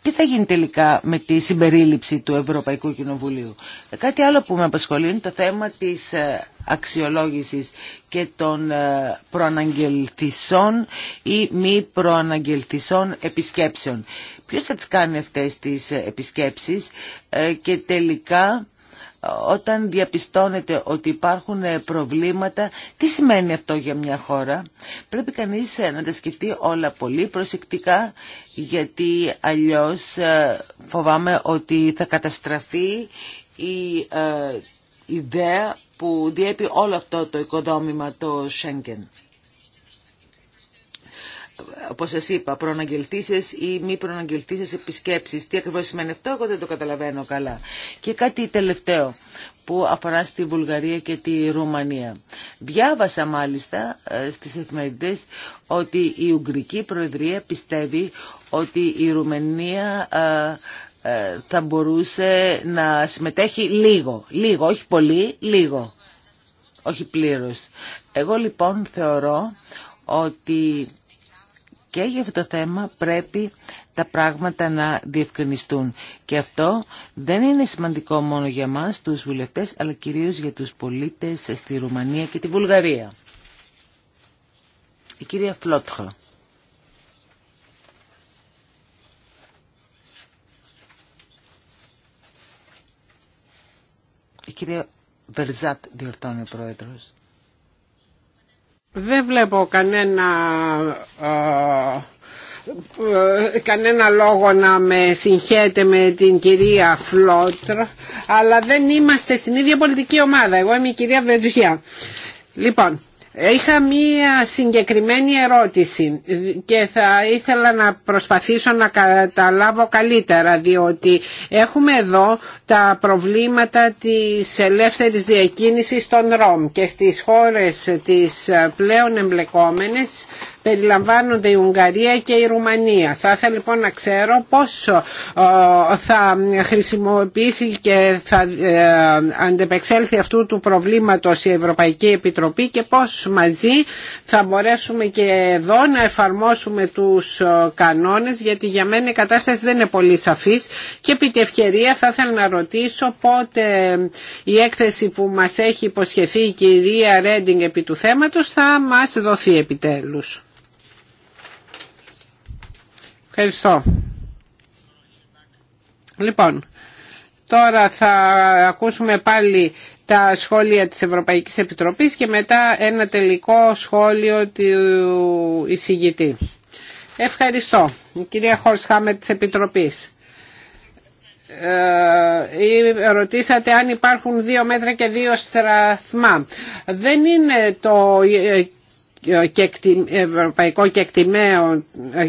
τι θα γίνει τελικά με τη συμπερίληψη του Ευρωπαϊκού Κοινοβουλίου. Ε, κάτι άλλο που με απασχολεί είναι το θέμα της ε, αξιολόγησης και των προαναγγελθισών ή μη προαναγγελθισών επισκέψεων. Ποιος θα τις κάνει αυτές τις επισκέψεις και τελικά όταν διαπιστώνεται ότι υπάρχουν ε, προβλήματα, τι σημαίνει αυτό για μια χώρα. Πρέπει κανείς ε, να τα σκεφτεί όλα πολύ προσεκτικά, γιατί αλλιώς ε, φοβάμαι ότι θα καταστραφεί η ιδέα που διέπει όλο αυτό το οικοδόμημα το Schengen όπως σας είπα, προαναγγελτήσεις ή μη προαναγγελτήσεις επισκέψεις. Τι ακριβώς σημαίνει αυτό, εγώ δεν το καταλαβαίνω καλά. Και κάτι τελευταίο που αφορά στη Βουλγαρία και τη Ρουμανία. Διάβασα μάλιστα ε, στις εφημερίδες ότι η Ουγγρική Προεδρία πιστεύει ότι η Ρουμανία ε, ε, θα μπορούσε να συμμετέχει λίγο, λίγο, όχι πολύ, λίγο, όχι πλήρως. Εγώ λοιπόν θεωρώ ότι και για αυτό το θέμα πρέπει τα πράγματα να διευκρινιστούν. Και αυτό δεν είναι σημαντικό μόνο για μας, τους βουλευτές, αλλά κυρίως για τους πολίτες στη Ρουμανία και τη Βουλγαρία. Η κυρία Φλότχα. Η κυρία Βερζάτ διορτώνει ο πρόεδρος. Δεν βλέπω κανένα ε, κανένα λόγο να με συγχαίρετε με την κυρία Φλότρ αλλά δεν είμαστε στην ίδια πολιτική ομάδα εγώ είμαι η κυρία Βεντουχιά λοιπόν Είχα μία συγκεκριμένη ερώτηση και θα ήθελα να προσπαθήσω να καταλάβω καλύτερα διότι έχουμε εδώ τα προβλήματα της ελεύθερης διακίνησης των ΡΟΜ και στις χώρες της πλέον εμπλεκόμενες περιλαμβάνονται η Ουγγαρία και η Ρουμανία. Θα ήθελα λοιπόν να ξέρω πόσο θα χρησιμοποιήσει και θα ε, αντεπεξέλθει αυτού του προβλήματος η Ευρωπαϊκή Επιτροπή και πώς μαζί θα μπορέσουμε και εδώ να εφαρμόσουμε τους ε, κανόνες γιατί για μένα η κατάσταση δεν είναι πολύ σαφής και επί τη ευκαιρία θα ήθελα να ρωτήσω πότε η έκθεση που μας έχει υποσχεθεί η κυρία Ρέντινγκ επί του θέματος θα μας δοθεί επιτέλους. Ευχαριστώ. Λοιπόν, τώρα θα ακούσουμε πάλι τα σχόλια της Ευρωπαϊκής Επιτροπής και μετά ένα τελικό σχόλιο του εισηγητή. Ευχαριστώ. κυρία Χόρσχάμερ της Επιτροπής. Ε, ρωτήσατε αν υπάρχουν δύο μέτρα και δύο στραθμά. Δεν είναι το ευρωπαϊκό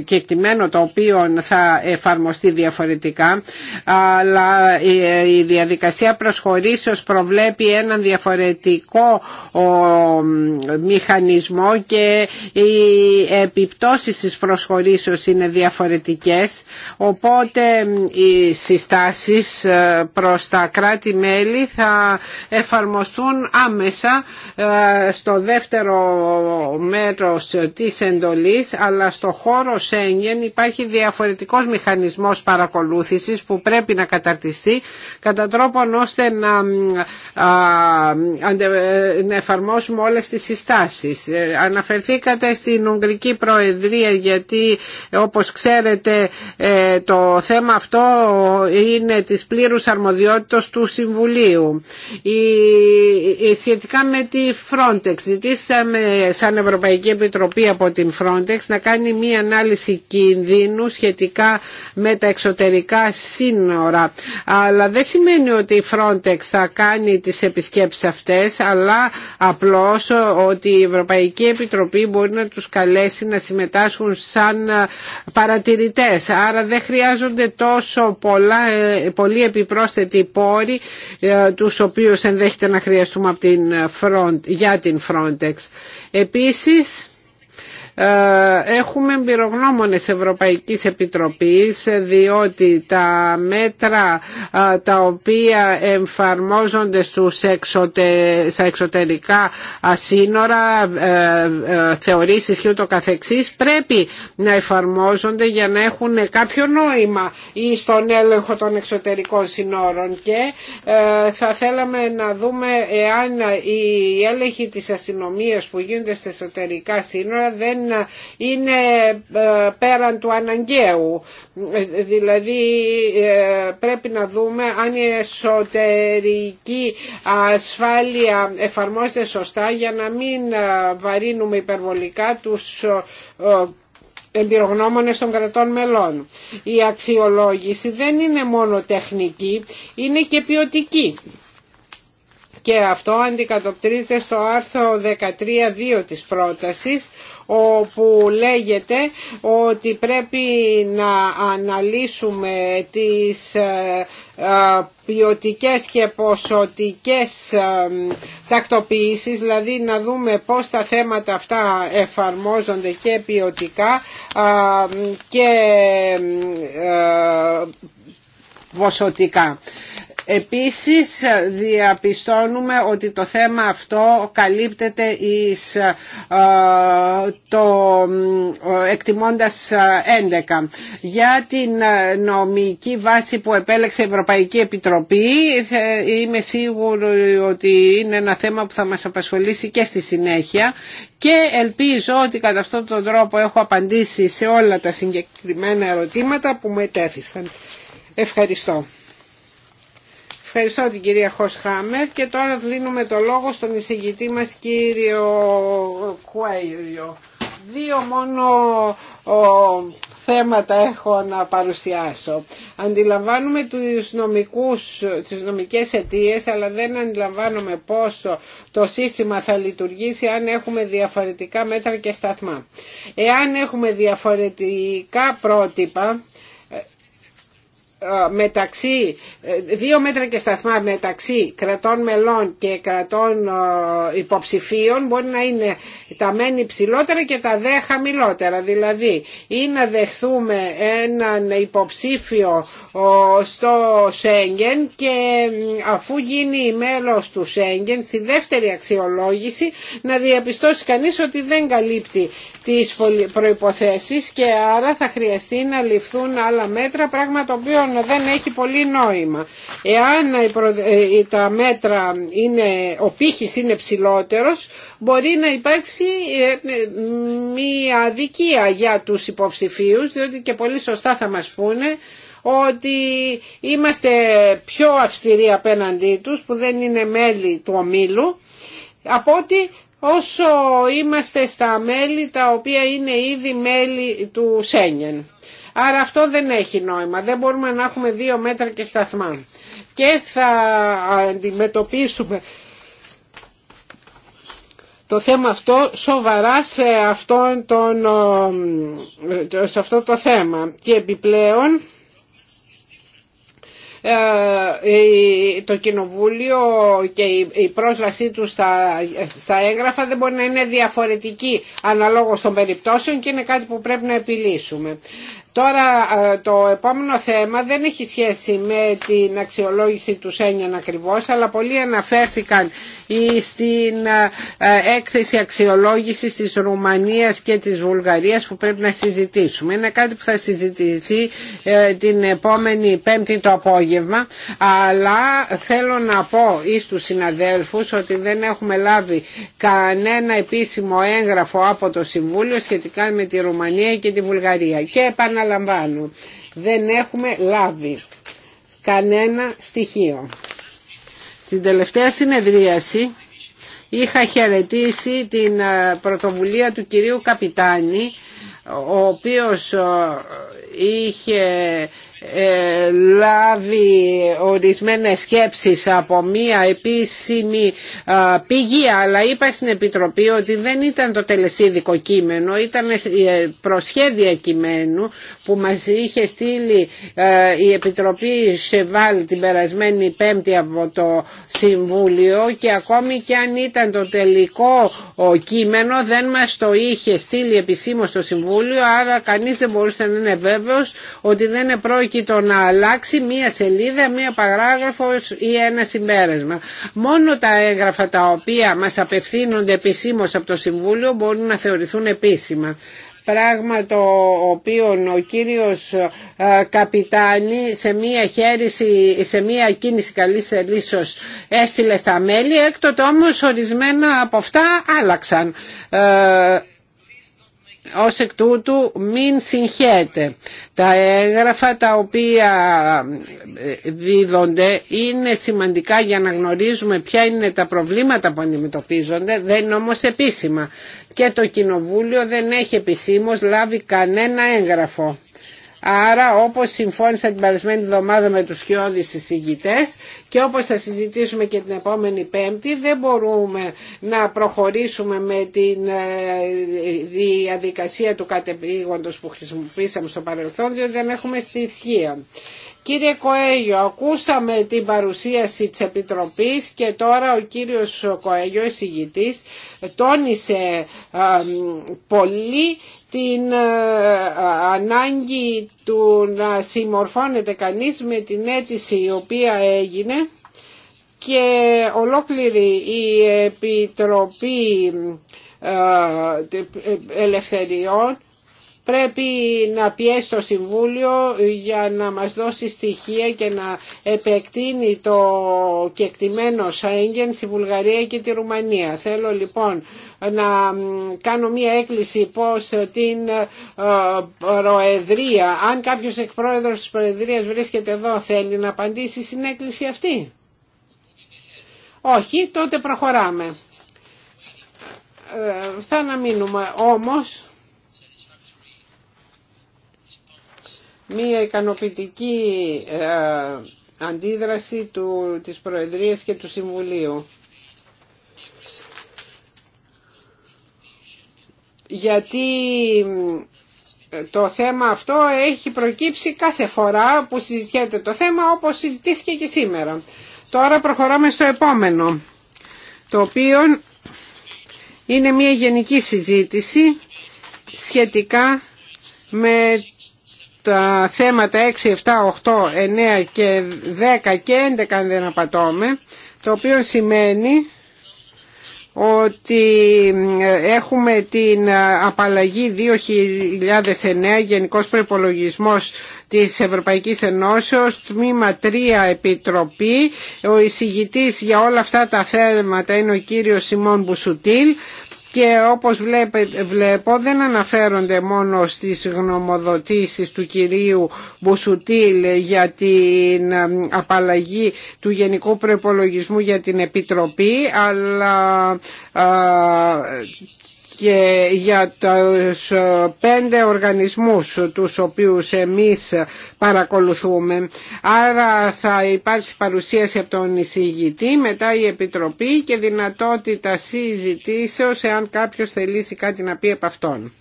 κεκτημένο το οποίο θα εφαρμοστεί διαφορετικά αλλά η διαδικασία προσχωρήσεως προβλέπει έναν διαφορετικό μηχανισμό και οι επιπτώσεις της προσχωρήσεως είναι διαφορετικές οπότε οι συστάσεις ε, προς τα κράτη-μέλη θα εφαρμοστούν άμεσα ε, στο δεύτερο μέρος της εντολής αλλά στο χώρο Σέγγεν υπάρχει διαφορετικός μηχανισμός παρακολούθησης που πρέπει να καταρτιστεί κατά τρόπον ώστε να, εφαρμόσουμε όλες τις συστάσεις. Ε, αναφερθήκατε στην Ουγγρική Προεδρία γιατί όπως ξέρετε ε, το θέμα αυτό είναι της πλήρους αρμοδιότητας του Συμβουλίου. Η, σχετικά με τη Frontex ζητήσαμε σαν Ευρωπαϊκή Ευρωπαϊκή Επιτροπή από την Frontex να κάνει μία ανάλυση κινδύνου σχετικά με τα εξωτερικά σύνορα. Αλλά δεν σημαίνει ότι η Frontex θα κάνει τις επισκέψεις αυτές, αλλά απλώς ότι η Ευρωπαϊκή Επιτροπή μπορεί να τους καλέσει να συμμετάσχουν σαν παρατηρητές. Άρα δεν χρειάζονται τόσο πολλά, πολύ επιπρόσθετοι πόροι ε, τους οποίους ενδέχεται να χρειαστούμε την για την Frontex. Επίσης εσείς ε, έχουμε εμπειρογνώμονες Ευρωπαϊκής Επιτροπής διότι τα μέτρα ε, τα οποία εμφαρμόζονται στους εξωτε, στα εξωτερικά ε, σύνορα, θεωρήσεις και ούτω καθεξής πρέπει να εφαρμόζονται για να έχουν κάποιο νόημα ή στον έλεγχο των εξωτερικών συνόρων και θα θέλαμε να δούμε εάν η έλεγχοι της αστυνομίας που γίνονται στα εσωτερικά σύνορα δεν είναι ε, πέραν του αναγκαίου. Δηλαδή ε, πρέπει να δούμε αν η εσωτερική ασφάλεια εφαρμόζεται σωστά για να μην ε, βαρύνουμε υπερβολικά τους εμπειρογνώμονες των κρατών μελών. Η αξιολόγηση δεν είναι μόνο τεχνική, είναι και ποιοτική και αυτό αντικατοπτρίζεται στο άρθρο 13.2 της πρότασης όπου λέγεται ότι πρέπει να αναλύσουμε τις ε, ε, ποιοτικέ και ποσοτικές ε, τακτοποιήσεις, δηλαδή να δούμε πώς τα θέματα αυτά εφαρμόζονται και ποιοτικά και ποσοτικά. Επίσης διαπιστώνουμε ότι το θέμα αυτό καλύπτεται εις ε, το ε, εκτιμώντας 11. Για την ε, νομική βάση που επέλεξε η Ευρωπαϊκή Επιτροπή είμαι σίγουρη ότι είναι ένα θέμα που θα μας απασχολήσει και στη συνέχεια και ελπίζω ότι κατά αυτόν τον τρόπο έχω απαντήσει σε όλα τα συγκεκριμένα ερωτήματα που μου ετέθησαν. Ευχαριστώ. Ευχαριστώ την κυρία Χοσχάμερ και τώρα δίνουμε το λόγο στον εισηγητή μας κύριο Κουέιριο. Δύο μόνο θέματα έχω να παρουσιάσω. Αντιλαμβάνουμε τους νομικούς, τις νομικές αιτίες, αλλά δεν αντιλαμβάνουμε πόσο το σύστημα θα λειτουργήσει αν έχουμε διαφορετικά μέτρα και σταθμά. Εάν έχουμε διαφορετικά πρότυπα, ε, μεταξύ, ε, δύο μέτρα και σταθμά μεταξύ κρατών μελών και κρατών ε, υποψηφίων μπορεί να είναι τα μένη ψηλότερα και τα δε χαμηλότερα. Δηλαδή ή να δεχθούμε έναν υποψήφιο στο Σέγγεν και αφού γίνει μέλος του Σέγγεν στη δεύτερη αξιολόγηση να διαπιστώσει κανείς ότι δεν καλύπτει τις προϋποθέσεις και άρα θα χρειαστεί να ληφθούν άλλα μέτρα, πράγμα το οποίο δεν έχει πολύ νόημα. Εάν ε, τα μέτρα είναι, ο πύχης είναι ψηλότερος, μπορεί να υπάρξει ε, μια αδικία για τους υποψηφίους, διότι και πολύ σωστά θα μας πούνε, ότι είμαστε πιο αυστηροί απέναντί τους που δεν είναι μέλη του ομίλου από ότι όσο είμαστε στα μέλη τα οποία είναι ήδη μέλη του Σένιεν. Άρα αυτό δεν έχει νόημα. Δεν μπορούμε να έχουμε δύο μέτρα και σταθμά. Και θα αντιμετωπίσουμε το θέμα αυτό σοβαρά σε, αυτόν τον, ε, σε αυτό το θέμα. Και επιπλέον ε, το Κοινοβούλιο και η πρόσβασή του στα έγγραφα δεν μπορεί να είναι διαφορετική αναλόγως των περιπτώσεων και είναι κάτι που πρέπει να επιλύσουμε. Τώρα ε, το επόμενο θέμα δεν έχει σχέση με την αξιολόγηση του Σένιον ακριβώς αλλά πολλοί αναφέρθηκαν στην ε, ε, έκθεση αξιολόγησης της Ρουμανίας και της Βουλγαρίας που πρέπει να συζητήσουμε. Είναι κάτι που θα συζητηθεί την επόμενη πέμπτη το απόγευμα αλλά θέλω να πω εις τους συναδέλφους ότι δεν έχουμε λάβει κανένα επίσημο έγγραφο από το Συμβούλιο σχετικά με τη Ρουμανία και τη Βουλγαρία. Και δεν έχουμε λάβει κανένα στοιχείο. Στην τελευταία συνεδρίαση είχα χαιρετήσει την ε, πρωτοβουλία του κυρίου Καπιτάνη, ο οποίος ε, είχε ε, λάβει ορισμένες σκέψεις από μία επίσημη πηγή αλλά είπα στην Επιτροπή ότι δεν ήταν το τελεσίδικο κείμενο ήταν ε, προσχέδια κειμένου που μας είχε στείλει ε, η Επιτροπή Σεβάλ την περασμένη πέμπτη από το Συμβούλιο και ακόμη και αν ήταν το τελικό κείμενο δεν μας το είχε στείλει επισήμως στο Συμβούλιο άρα κανείς δεν μπορούσε να είναι βέβαιος ότι δεν και το να αλλάξει μία σελίδα, μία παράγραφος ή ένα συμπέρασμα. Μόνο τα έγγραφα τα οποία μας απευθύνονται επισήμως από το Συμβούλιο μπορούν να θεωρηθούν επίσημα πράγμα το οποίο ο κύριος ε, Καπιτάνη σε μία, χέριση, σε μία κίνηση καλής θελήσεως έστειλε στα μέλη, έκτοτε όμως ορισμένα από αυτά άλλαξαν. Ε, ως εκ τούτου μην συγχαίρετε. Τα έγγραφα τα οποία ε, δίδονται είναι σημαντικά για να γνωρίζουμε ποια είναι τα προβλήματα που αντιμετωπίζονται, δεν είναι όμως επίσημα. Και το Κοινοβούλιο δεν έχει επισήμως λάβει κανένα έγγραφο. Άρα όπως συμφώνησα την παρεσμένη εβδομάδα με τους χιώδεις συζητητές και όπως θα συζητήσουμε και την επόμενη πέμπτη δεν μπορούμε να προχωρήσουμε με τη ε, διαδικασία του κατεπήγοντος που χρησιμοποίησαμε στο παρελθόν διότι δεν έχουμε στοιχεία. Κύριε Κοέγιο, ακούσαμε την παρουσίαση της Επιτροπής και τώρα ο κύριος Κοέγιο, εισηγητής, τόνισε πολύ την ε, ανάγκη του να συμμορφώνεται κανείς με την αίτηση η οποία έγινε και ολόκληρη η Επιτροπή ε, ε, Ελευθεριών πρέπει να πιέσει το Συμβούλιο για να μας δώσει στοιχεία και να επεκτείνει το κεκτημένο Σάιγγεν στη Βουλγαρία και τη Ρουμανία. Θέλω λοιπόν να κάνω μία έκκληση πως την ε, Προεδρία, αν κάποιος εκπρόεδρος της Προεδρίας βρίσκεται εδώ θέλει να απαντήσει στην έκκληση αυτή. Όχι, τότε προχωράμε. Ε, θα αναμείνουμε όμως μία ικανοποιητική ε, αντίδραση του, της Προεδρίας και του Συμβουλίου. Γιατί ε, το θέμα αυτό έχει προκύψει κάθε φορά που συζητιέται το θέμα όπως συζητήθηκε και σήμερα. Τώρα προχωράμε στο επόμενο, το οποίο είναι μια γενική συζήτηση σχετικά με τα θέματα 6, 7, 8, 9 και 10 και 11 αν δεν απατώμε, το οποίο σημαίνει ότι ε, έχουμε την απαλλαγή 2009 Γενικός προπολογισμό της Ευρωπαϊκής Ενώσεως, τμήμα 3 Επιτροπή. Ο εισηγητής για όλα αυτά τα θέματα είναι ο κύριος Σιμών Μπουσουτήλ και όπως βλέπετε, βλέπω δεν αναφέρονται μόνο στις γνωμοδοτήσεις του κυρίου Μπουσουτήλ για την ε, απαλλαγή του Γενικού Προπολογισμού για την Επιτροπή αλλά ε, και για τους ε, πέντε οργανισμούς τους οποίους εμείς παρακολουθούμε. Άρα θα υπάρξει παρουσίαση από τον εισηγητή, μετά η Επιτροπή και δυνατότητα συζητήσεως εάν κάποιος θελήσει κάτι να πει από αυτόν.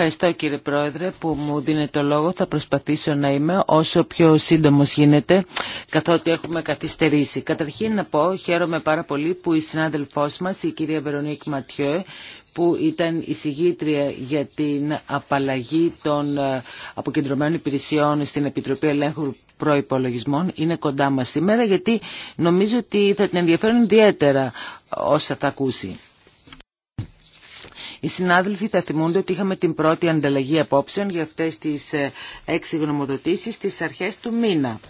Ευχαριστώ κύριε Πρόεδρε που μου δίνετε το λόγο. Θα προσπαθήσω να είμαι όσο πιο σύντομος γίνεται καθότι έχουμε καθυστερήσει. Καταρχήν να πω χαίρομαι πάρα πολύ που η συνάδελφός μας, η κυρία Βερονίκ Ματιό που ήταν η συγγήτρια για την απαλλαγή των ε, αποκεντρωμένων υπηρεσιών στην Επιτροπή Ελέγχου Προϋπολογισμών είναι κοντά μας σήμερα γιατί νομίζω ότι θα την ενδιαφέρουν ιδιαίτερα όσα θα ακούσει. Οι συνάδελφοι θα θυμούνται ότι είχαμε την πρώτη ανταλλαγή απόψεων για αυτές τις ε, έξι γνωμοδοτήσεις στις αρχές του μήνα.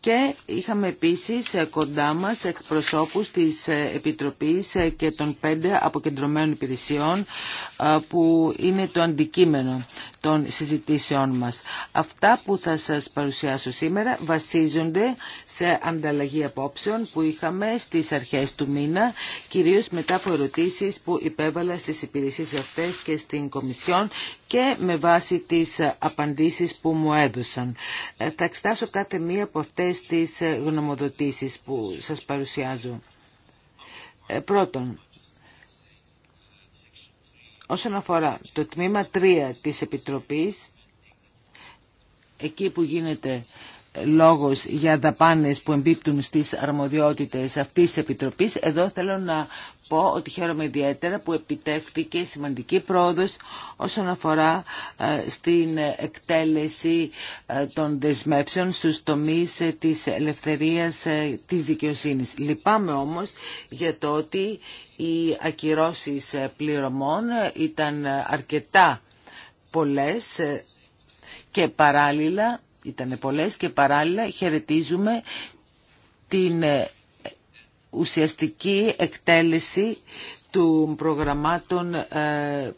Και είχαμε επίσης ε, κοντά μας εκπροσώπους της ε, Επιτροπής ε, και των πέντε αποκεντρωμένων υπηρεσιών που είναι το αντικείμενο των συζητήσεών μας. Αυτά που θα σας παρουσιάσω σήμερα βασίζονται σε ανταλλαγή απόψεων που είχαμε στις αρχές του μήνα, κυρίως μετά από ερωτήσεις που υπέβαλα στις υπηρεσίες αυτές και στην Κομισιόν και με βάση τις απαντήσεις που μου έδωσαν. Θα εξτάσω κάθε μία από αυτές αυτές τις ε, γνωμοδοτήσεις που σας παρουσιάζω. Ε, πρώτον, όσον αφορά το τμήμα 3 της Επιτροπής, εκεί που γίνεται ε, λόγος για δαπάνες που εμπίπτουν στις αρμοδιότητες αυτής της Επιτροπής, εδώ θέλω να πω ότι χαίρομαι ιδιαίτερα που επιτεύχθηκε σημαντική πρόοδος όσον αφορά ε, στην εκτέλεση ε, των δεσμεύσεων στους τομείς ε, της ελευθερίας της δικαιοσύνης. Λυπάμαι όμως για το ότι οι ακυρώσεις πληρωμών ήταν αρκετά πολλές και παράλληλα ήταν πολλές και παράλληλα χαιρετίζουμε την ουσιαστική εκτέλεση του προγραμμάτων ε,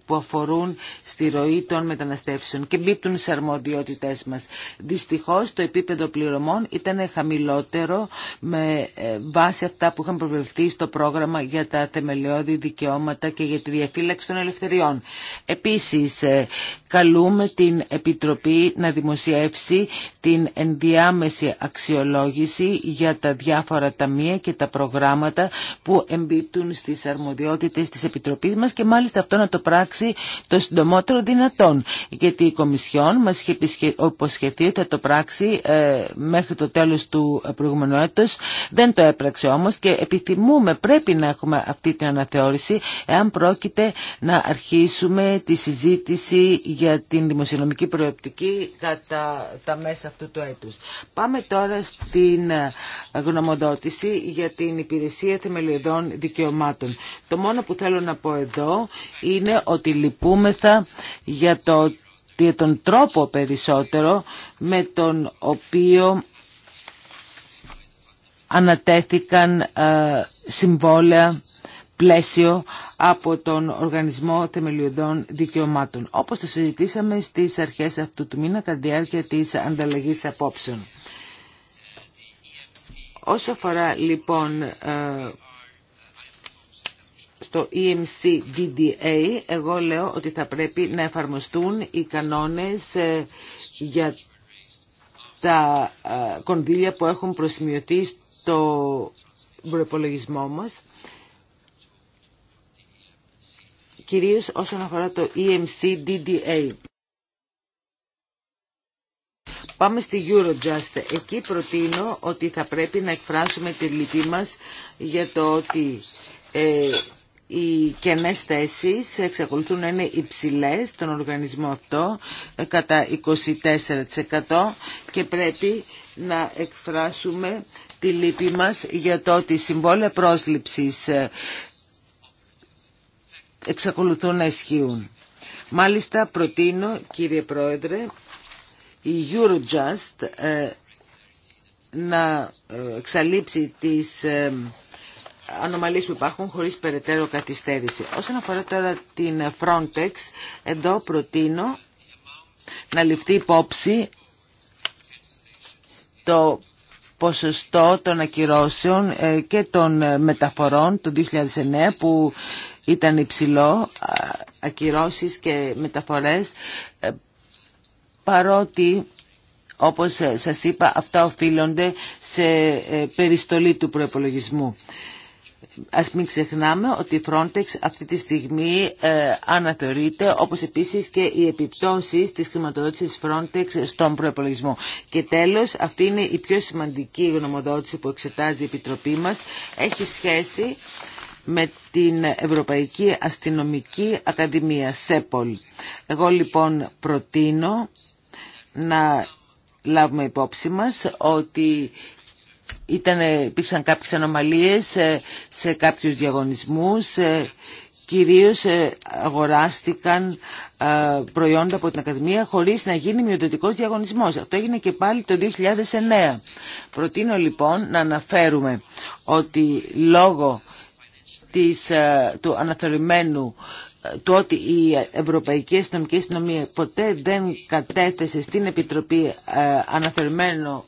που αφορούν στη ροή των μεταναστεύσεων και μπίπτουν στι αρμοδιότητές μας. Δυστυχώς το επίπεδο πληρωμών ήταν χαμηλότερο με ε, βάση αυτά που είχαν προβληθεί στο πρόγραμμα για τα θεμελιώδη δικαιώματα και για τη διαφύλαξη των ελευθεριών. Επίσης, ε, καλούμε την Επιτροπή να δημοσιεύσει την ενδιάμεση αξιολόγηση για τα διάφορα ταμεία και τα προγράμματα που εμπίπτουν στις αρμοδιότητες Τη της Επιτροπής μας και μάλιστα αυτό να το πράξει το συντομότερο δυνατόν. Γιατί η Κομισιόν μας είχε υποσχεθεί ότι θα το πράξει ε, μέχρι το τέλος του προηγούμενου έτους. Δεν το έπραξε όμως και επιθυμούμε, πρέπει να έχουμε αυτή την αναθεώρηση εάν πρόκειται να αρχίσουμε τη συζήτηση για την δημοσιονομική προεπτική κατά τα μέσα αυτού του έτους. Πάμε τώρα στην ε, γνωμοδότηση για την υπηρεσία θεμελιωδών δικαιωμάτων μόνο που θέλω να πω εδώ είναι ότι λυπούμεθα για το, τον τρόπο περισσότερο με τον οποίο ανατέθηκαν ε, συμβόλαια πλαίσιο από τον Οργανισμό Θεμελιωδών Δικαιωμάτων, όπως το συζητήσαμε στις αρχές αυτού του μήνα κατά τη διάρκεια της ανταλλαγής απόψεων. Όσο αφορά λοιπόν ε, στο EMC DDA εγώ λέω ότι θα πρέπει να εφαρμοστούν οι κανόνες ε, για τα ε, κονδύλια που έχουν προσημειωθεί στο προπολογισμό μας κυρίως όσον αφορά το EMC DDA. Πάμε στη Eurojust. Εκεί προτείνω ότι θα πρέπει να εκφράσουμε τη λυπή μας για το ότι ε, οι κενε θέσεις εξακολουθούν να είναι υψηλές στον οργανισμό αυτό ε, κατά 24% και πρέπει να εκφράσουμε τη λύπη μας για το ότι συμβόλαια πρόσληψης ε, εξακολουθούν να ισχύουν. Μάλιστα προτείνω κύριε Πρόεδρε η Eurojust ε, να εξαλείψει τις ανομαλίες που υπάρχουν χωρίς περαιτέρω καθυστέρηση. Όσον αφορά τώρα την Frontex, εδώ προτείνω να ληφθεί υπόψη το ποσοστό των ακυρώσεων ε, και των ε, μεταφορών του 2009 που ήταν υψηλό, ακυρώσεις και μεταφορές, ε, παρότι όπως σας είπα αυτά οφείλονται σε περιστολή του προϋπολογισμού. Ας μην ξεχνάμε ότι η Frontex αυτή τη στιγμή ε, αναθεωρείται όπως επίσης και οι επιπτώσεις της χρηματοδότησης Frontex στον προεπολογισμό. Και τέλος, αυτή είναι η πιο σημαντική γνωμοδότηση που εξετάζει η Επιτροπή μας. Έχει σχέση με την Ευρωπαϊκή Αστυνομική Ακαδημία, ΣΕΠΟΛ. Εγώ λοιπόν προτείνω να λάβουμε υπόψη μας ότι ήταν, υπήρξαν κάποιες ανομαλίες σε κάποιους διαγωνισμούς, κυρίως ε, αγοράστηκαν ε, προϊόντα από την Ακαδημία χωρίς να γίνει μειοδοτικός διαγωνισμός. Αυτό έγινε και πάλι το 2009. Προτείνω λοιπόν να αναφέρουμε ότι λόγω της, ε, του αναθεωρημένου το ότι η Ευρωπαϊκή Αστυνομική Αστυνομία ποτέ δεν κατέθεσε στην Επιτροπή ε, αναφερμένο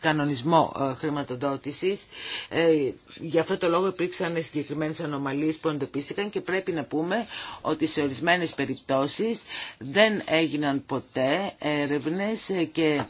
κανονισμό ε, χρηματοδότησης. Ε, για αυτό το λόγο υπήρξαν συγκεκριμένε ανομαλίες που εντοπίστηκαν και πρέπει να πούμε ότι σε ορισμένες περιπτώσεις δεν έγιναν ποτέ έρευνες και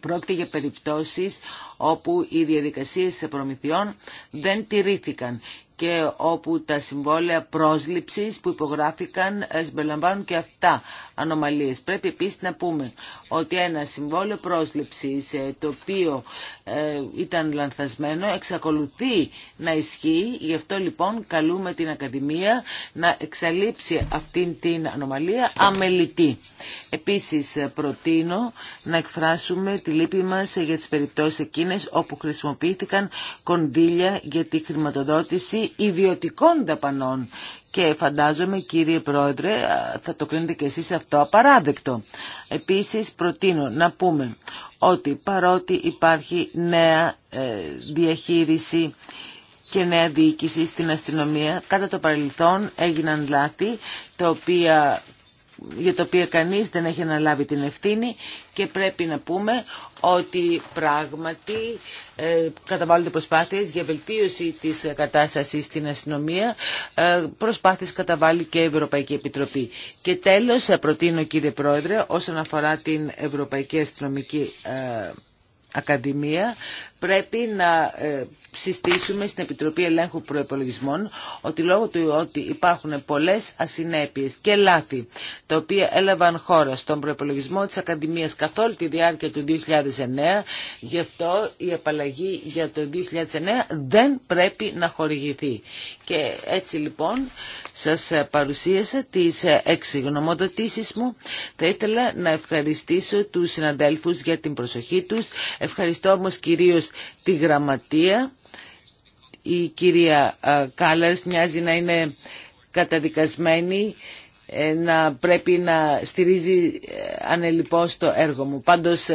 Πρόκειται για περιπτώσεις όπου οι διαδικασίες προμηθειών δεν τηρήθηκαν και όπου τα συμβόλαια πρόσληψης που υπογράφηκαν ε, συμπεριλαμβάνουν και αυτά ανομαλίες. Πρέπει επίσης να πούμε ότι ένα συμβόλαιο πρόσληψης ε, το οποίο ε, ήταν λανθασμένο εξακολουθεί να ισχύει. Γι' αυτό λοιπόν καλούμε την Ακαδημία να εξαλείψει αυτήν την ανομαλία αμελητή. Επίσης προτείνω να εκφράσουμε τη λύπη μας για τις περιπτώσεις εκείνες όπου χρησιμοποιήθηκαν κονδύλια για τη χρηματοδότηση ιδιωτικών δαπανών. Και φαντάζομαι κύριε Πρόεδρε θα το κρίνετε και εσείς αυτό απαράδεκτο. Επίσης προτείνω να πούμε ότι παρότι υπάρχει νέα ε, διαχείριση και νέα διοίκηση στην αστυνομία. Κατά το παρελθόν έγιναν λάθη τα οποία για το οποίο κανείς δεν έχει αναλάβει την ευθύνη και πρέπει να πούμε ότι πράγματι ε, καταβάλλονται προσπάθειες για βελτίωση της κατάστασης στην αστυνομία, ε, προσπάθειες καταβάλλει και η Ευρωπαϊκή Επιτροπή. Και τέλος, ε, προτείνω κύριε Πρόεδρε, όσον αφορά την Ευρωπαϊκή Αστυνομική ε, Ακαδημία πρέπει να ε, συστήσουμε στην Επιτροπή Ελέγχου Προεπολογισμών ότι λόγω του ότι υπάρχουν πολλές ασυνέπειες και λάθη τα οποία έλαβαν χώρα στον προεπολογισμό της Ακαδημίας καθ' όλη τη διάρκεια του 2009 γι' αυτό η απαλλαγή για το 2009 δεν πρέπει να χορηγηθεί. Και έτσι λοιπόν σας παρουσίασα τις έξι γνωμοδοτήσεις μου. Θα ήθελα να ευχαριστήσω τους συναδέλφους για την προσοχή τους. Ευχαριστώ όμως κυρίως τη γραμματεία. Η κυρία ε, Κάλλαρς μοιάζει να είναι καταδικασμένη ε, να πρέπει να στηρίζει ε, ανελιπώς το έργο μου. Πάντως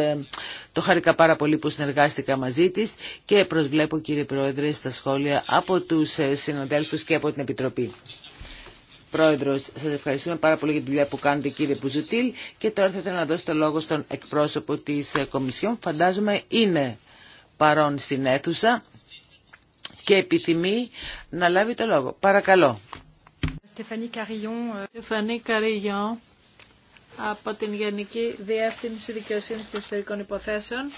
το χαρικά πάρα πολύ που συνεργάστηκα μαζί της και προσβλέπω κύριε Πρόεδρε στα σχόλια από τους συναδέλφους και από την Επιτροπή. Πρόεδρος, σας ευχαριστούμε πάρα πολύ για τη δουλειά που κάνετε κύριε Πουζουτήλ και τώρα θα ήθελα να δώσω το λόγο στον εκπρόσωπο της Κομισιόν. Φαντάζομαι είναι παρόν στην αίθουσα και επιθυμεί να λάβει το λόγο. Παρακαλώ. Στεφανή Καρίγιον ε, από την Γενική Διεύθυνση Δικαιοσύνης και Ιστορικών Υποθέσεων.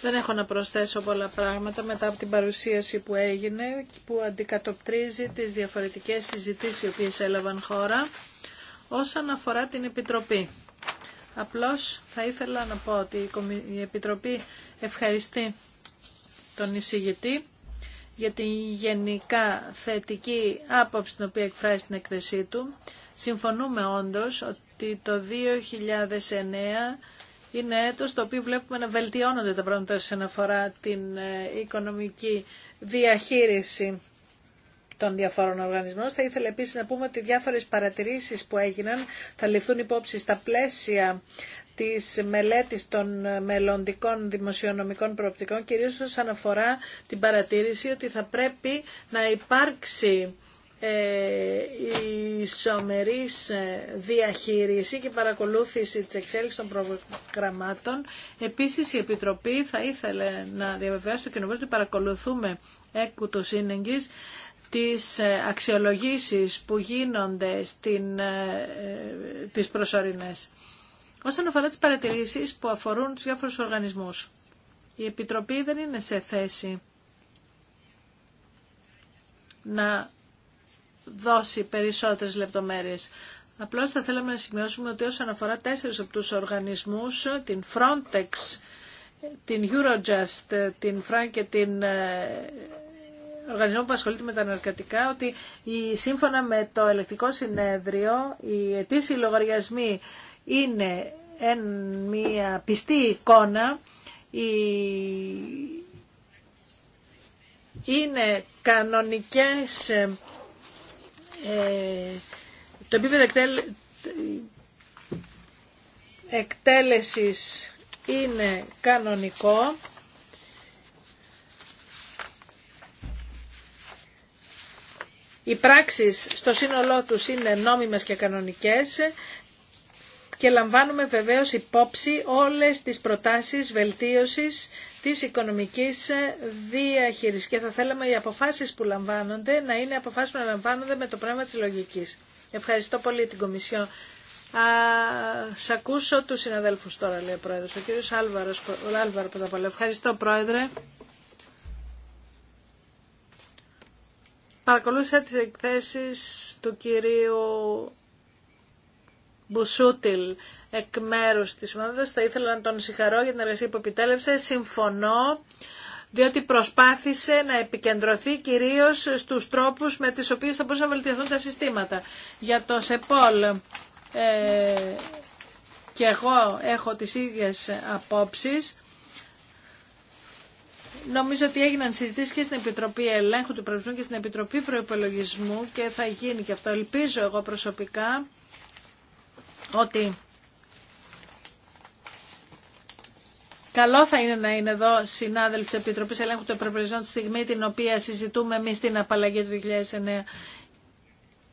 Δεν έχω να προσθέσω πολλά πράγματα μετά από την παρουσίαση που έγινε που αντικατοπτρίζει τις διαφορετικές συζητήσεις οι οποίες έλαβαν χώρα όσον αφορά την Επιτροπή. Απλώς θα ήθελα να πω ότι η Επιτροπή ευχαριστεί τον εισηγητή για την γενικά θετική άποψη την οποία εκφράζει στην εκθεσή του. Συμφωνούμε όντως ότι το 2009 είναι έτος το οποίο βλέπουμε να βελτιώνονται τα πράγματα σε αναφορά την ε, οικονομική διαχείριση των διαφόρων οργανισμών. Θα ήθελα επίσης να πούμε ότι διάφορες παρατηρήσεις που έγιναν θα ληφθούν υπόψη στα πλαίσια της μελέτης των μελλοντικών δημοσιονομικών προοπτικών, κυρίως όσον αφορά την παρατήρηση ότι θα πρέπει να υπάρξει η ε, ισομερής ε, διαχείριση και παρακολούθηση της εξέλιξης των προγραμμάτων. Επίσης η Επιτροπή θα ήθελε να διαβεβαιώσει το Κοινοβούλιο ότι παρακολουθούμε έκου το τι τις ε, αξιολογήσεις που γίνονται στην, τις προσωρινές. Όσον αφορά τις παρατηρήσεις που αφορούν τους διάφορους οργανισμούς, η Επιτροπή δεν είναι σε θέση να δώσει περισσότερες λεπτομέρειες. Απλώς θα θέλαμε να σημειώσουμε ότι όσον αφορά τέσσερις από τους οργανισμούς, την Frontex, την Eurojust, την Frank και την ε, οργανισμό που ασχολείται με τα ναρκωτικά, ότι σύμφωνα με το ελεκτικό συνέδριο, οι αιτήσιοι λογαριασμοί είναι μια πιστή εικόνα είναι κανονικές ε, το επίπεδο εκτέλεσης είναι κανονικό Οι πράξεις στο σύνολό τους είναι νόμιμες και κανονικές και λαμβάνουμε βεβαίως υπόψη όλες τις προτάσεις βελτίωσης της οικονομικής διαχείρισης και θα θέλαμε οι αποφάσεις που λαμβάνονται να είναι αποφάσεις που να λαμβάνονται με το πράγμα της λογικής. Ευχαριστώ πολύ την Κομισιό. Α, σ' ακούσω τους συναδέλφους τώρα, λέει ο Πρόεδρος. Ο κύριος Άλβαρος, ο Άλβαρο πρώτα Ευχαριστώ, Πρόεδρε. Παρακολούσα τις εκθέσεις του κυρίου Μπουσούτιλ εκ μέρου τη ομάδα. Θα ήθελα να τον συγχαρώ για την εργασία που επιτέλεψε. Συμφωνώ διότι προσπάθησε να επικεντρωθεί κυρίως στους τρόπους με τις οποίες θα μπορούσαν να βελτιωθούν τα συστήματα. Για το ΣΕΠΟΛ ε, και εγώ έχω τις ίδιες απόψεις. Νομίζω ότι έγιναν συζητήσεις και στην Επιτροπή Ελέγχου του Προεπισμού και στην Επιτροπή Προϋπολογισμού και θα γίνει και αυτό. Ελπίζω εγώ προσωπικά ότι Καλό θα είναι να είναι εδώ συνάδελφοι τη Επιτροπή Ελέγχου των Επρεπρισμού τη στιγμή την οποία συζητούμε εμείς την απαλλαγή του 2009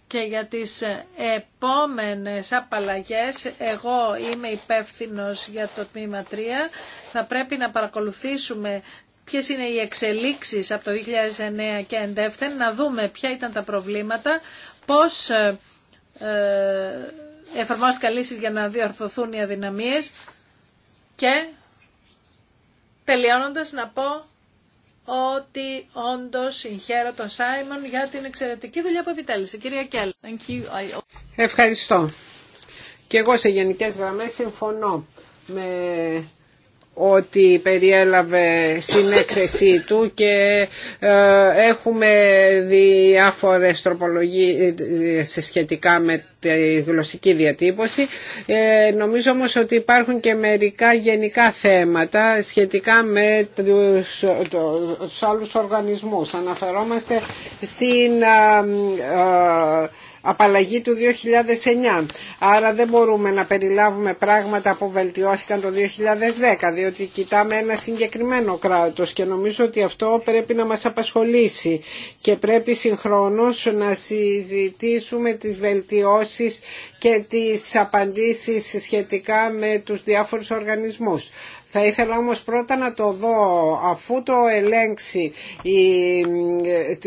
και για τις ε, επόμενες απαλλαγές εγώ είμαι υπεύθυνο για το τμήμα 3. Θα πρέπει να παρακολουθήσουμε ποιες είναι οι εξελίξεις από το 2009 και εντεύθεν, να δούμε ποια ήταν τα προβλήματα, πώς ε, ε, εφαρμόστηκα λύσει για να διορθωθούν οι αδυναμίες και τελειώνοντας να πω ότι όντως συγχαίρω τον Σάιμον για την εξαιρετική δουλειά που επιτέλεσε. Κυρία Κέλλη. Ευχαριστώ. Και εγώ σε γενικές γραμμές συμφωνώ με ότι περιέλαβε στην έκθεσή του και ε, έχουμε διάφορες τροπολογίες σχετικά με τη γλωσσική διατύπωση. Ε, νομίζω όμως ότι υπάρχουν και μερικά γενικά θέματα σχετικά με τους, τους άλλους οργανισμούς. Αναφερόμαστε στην ε, απαλλαγή του 2009. Άρα δεν μπορούμε να περιλάβουμε πράγματα που βελτιώθηκαν το 2010, διότι κοιτάμε ένα συγκεκριμένο κράτος και νομίζω ότι αυτό πρέπει να μας απασχολήσει και πρέπει συγχρόνως να συζητήσουμε τις βελτιώσεις και τις απαντήσεις σχετικά με τους διάφορους οργανισμούς. Θα ήθελα όμως πρώτα να το δω αφού το ελέγξει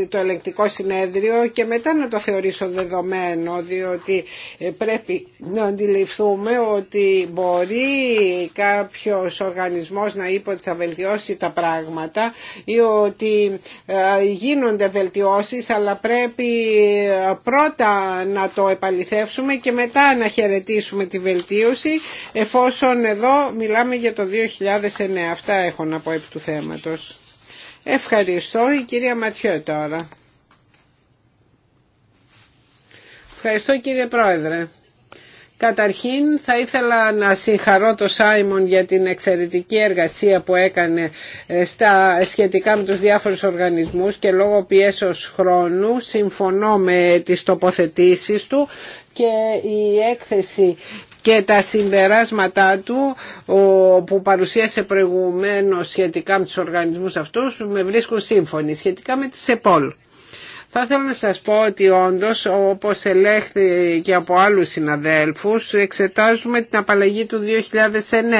το ελεγκτικό συνέδριο και μετά να το θεωρήσω δεδομένο διότι ε, πρέπει να αντιληφθούμε ότι μπορεί κάποιος οργανισμός να είπε ότι θα βελτιώσει τα πράγματα ή ότι ε, γίνονται βελτιώσεις αλλά πρέπει ε, πρώτα να το επαληθεύσουμε και μετά να χαιρετήσουμε τη βελτίωση εφόσον εδώ μιλάμε για το 2000 2009. Αυτά έχω να πω επί του θέματος. Ευχαριστώ η κυρία Ματιό τώρα. Ευχαριστώ κύριε Πρόεδρε. Καταρχήν θα ήθελα να συγχαρώ τον Σάιμον για την εξαιρετική εργασία που έκανε ε, στα, σχετικά με τους διάφορους οργανισμούς και λόγω πιέσεως χρόνου συμφωνώ με τις τοποθετήσεις του και η έκθεση και τα συμπεράσματά του που παρουσίασε προηγουμένως σχετικά με τους οργανισμούς αυτούς με βρίσκουν σύμφωνοι σχετικά με τις ΕΠΟΛ. Θα ήθελα να σας πω ότι όντως όπως ελέγχθη και από άλλους συναδέλφους εξετάζουμε την απαλλαγή του 2009.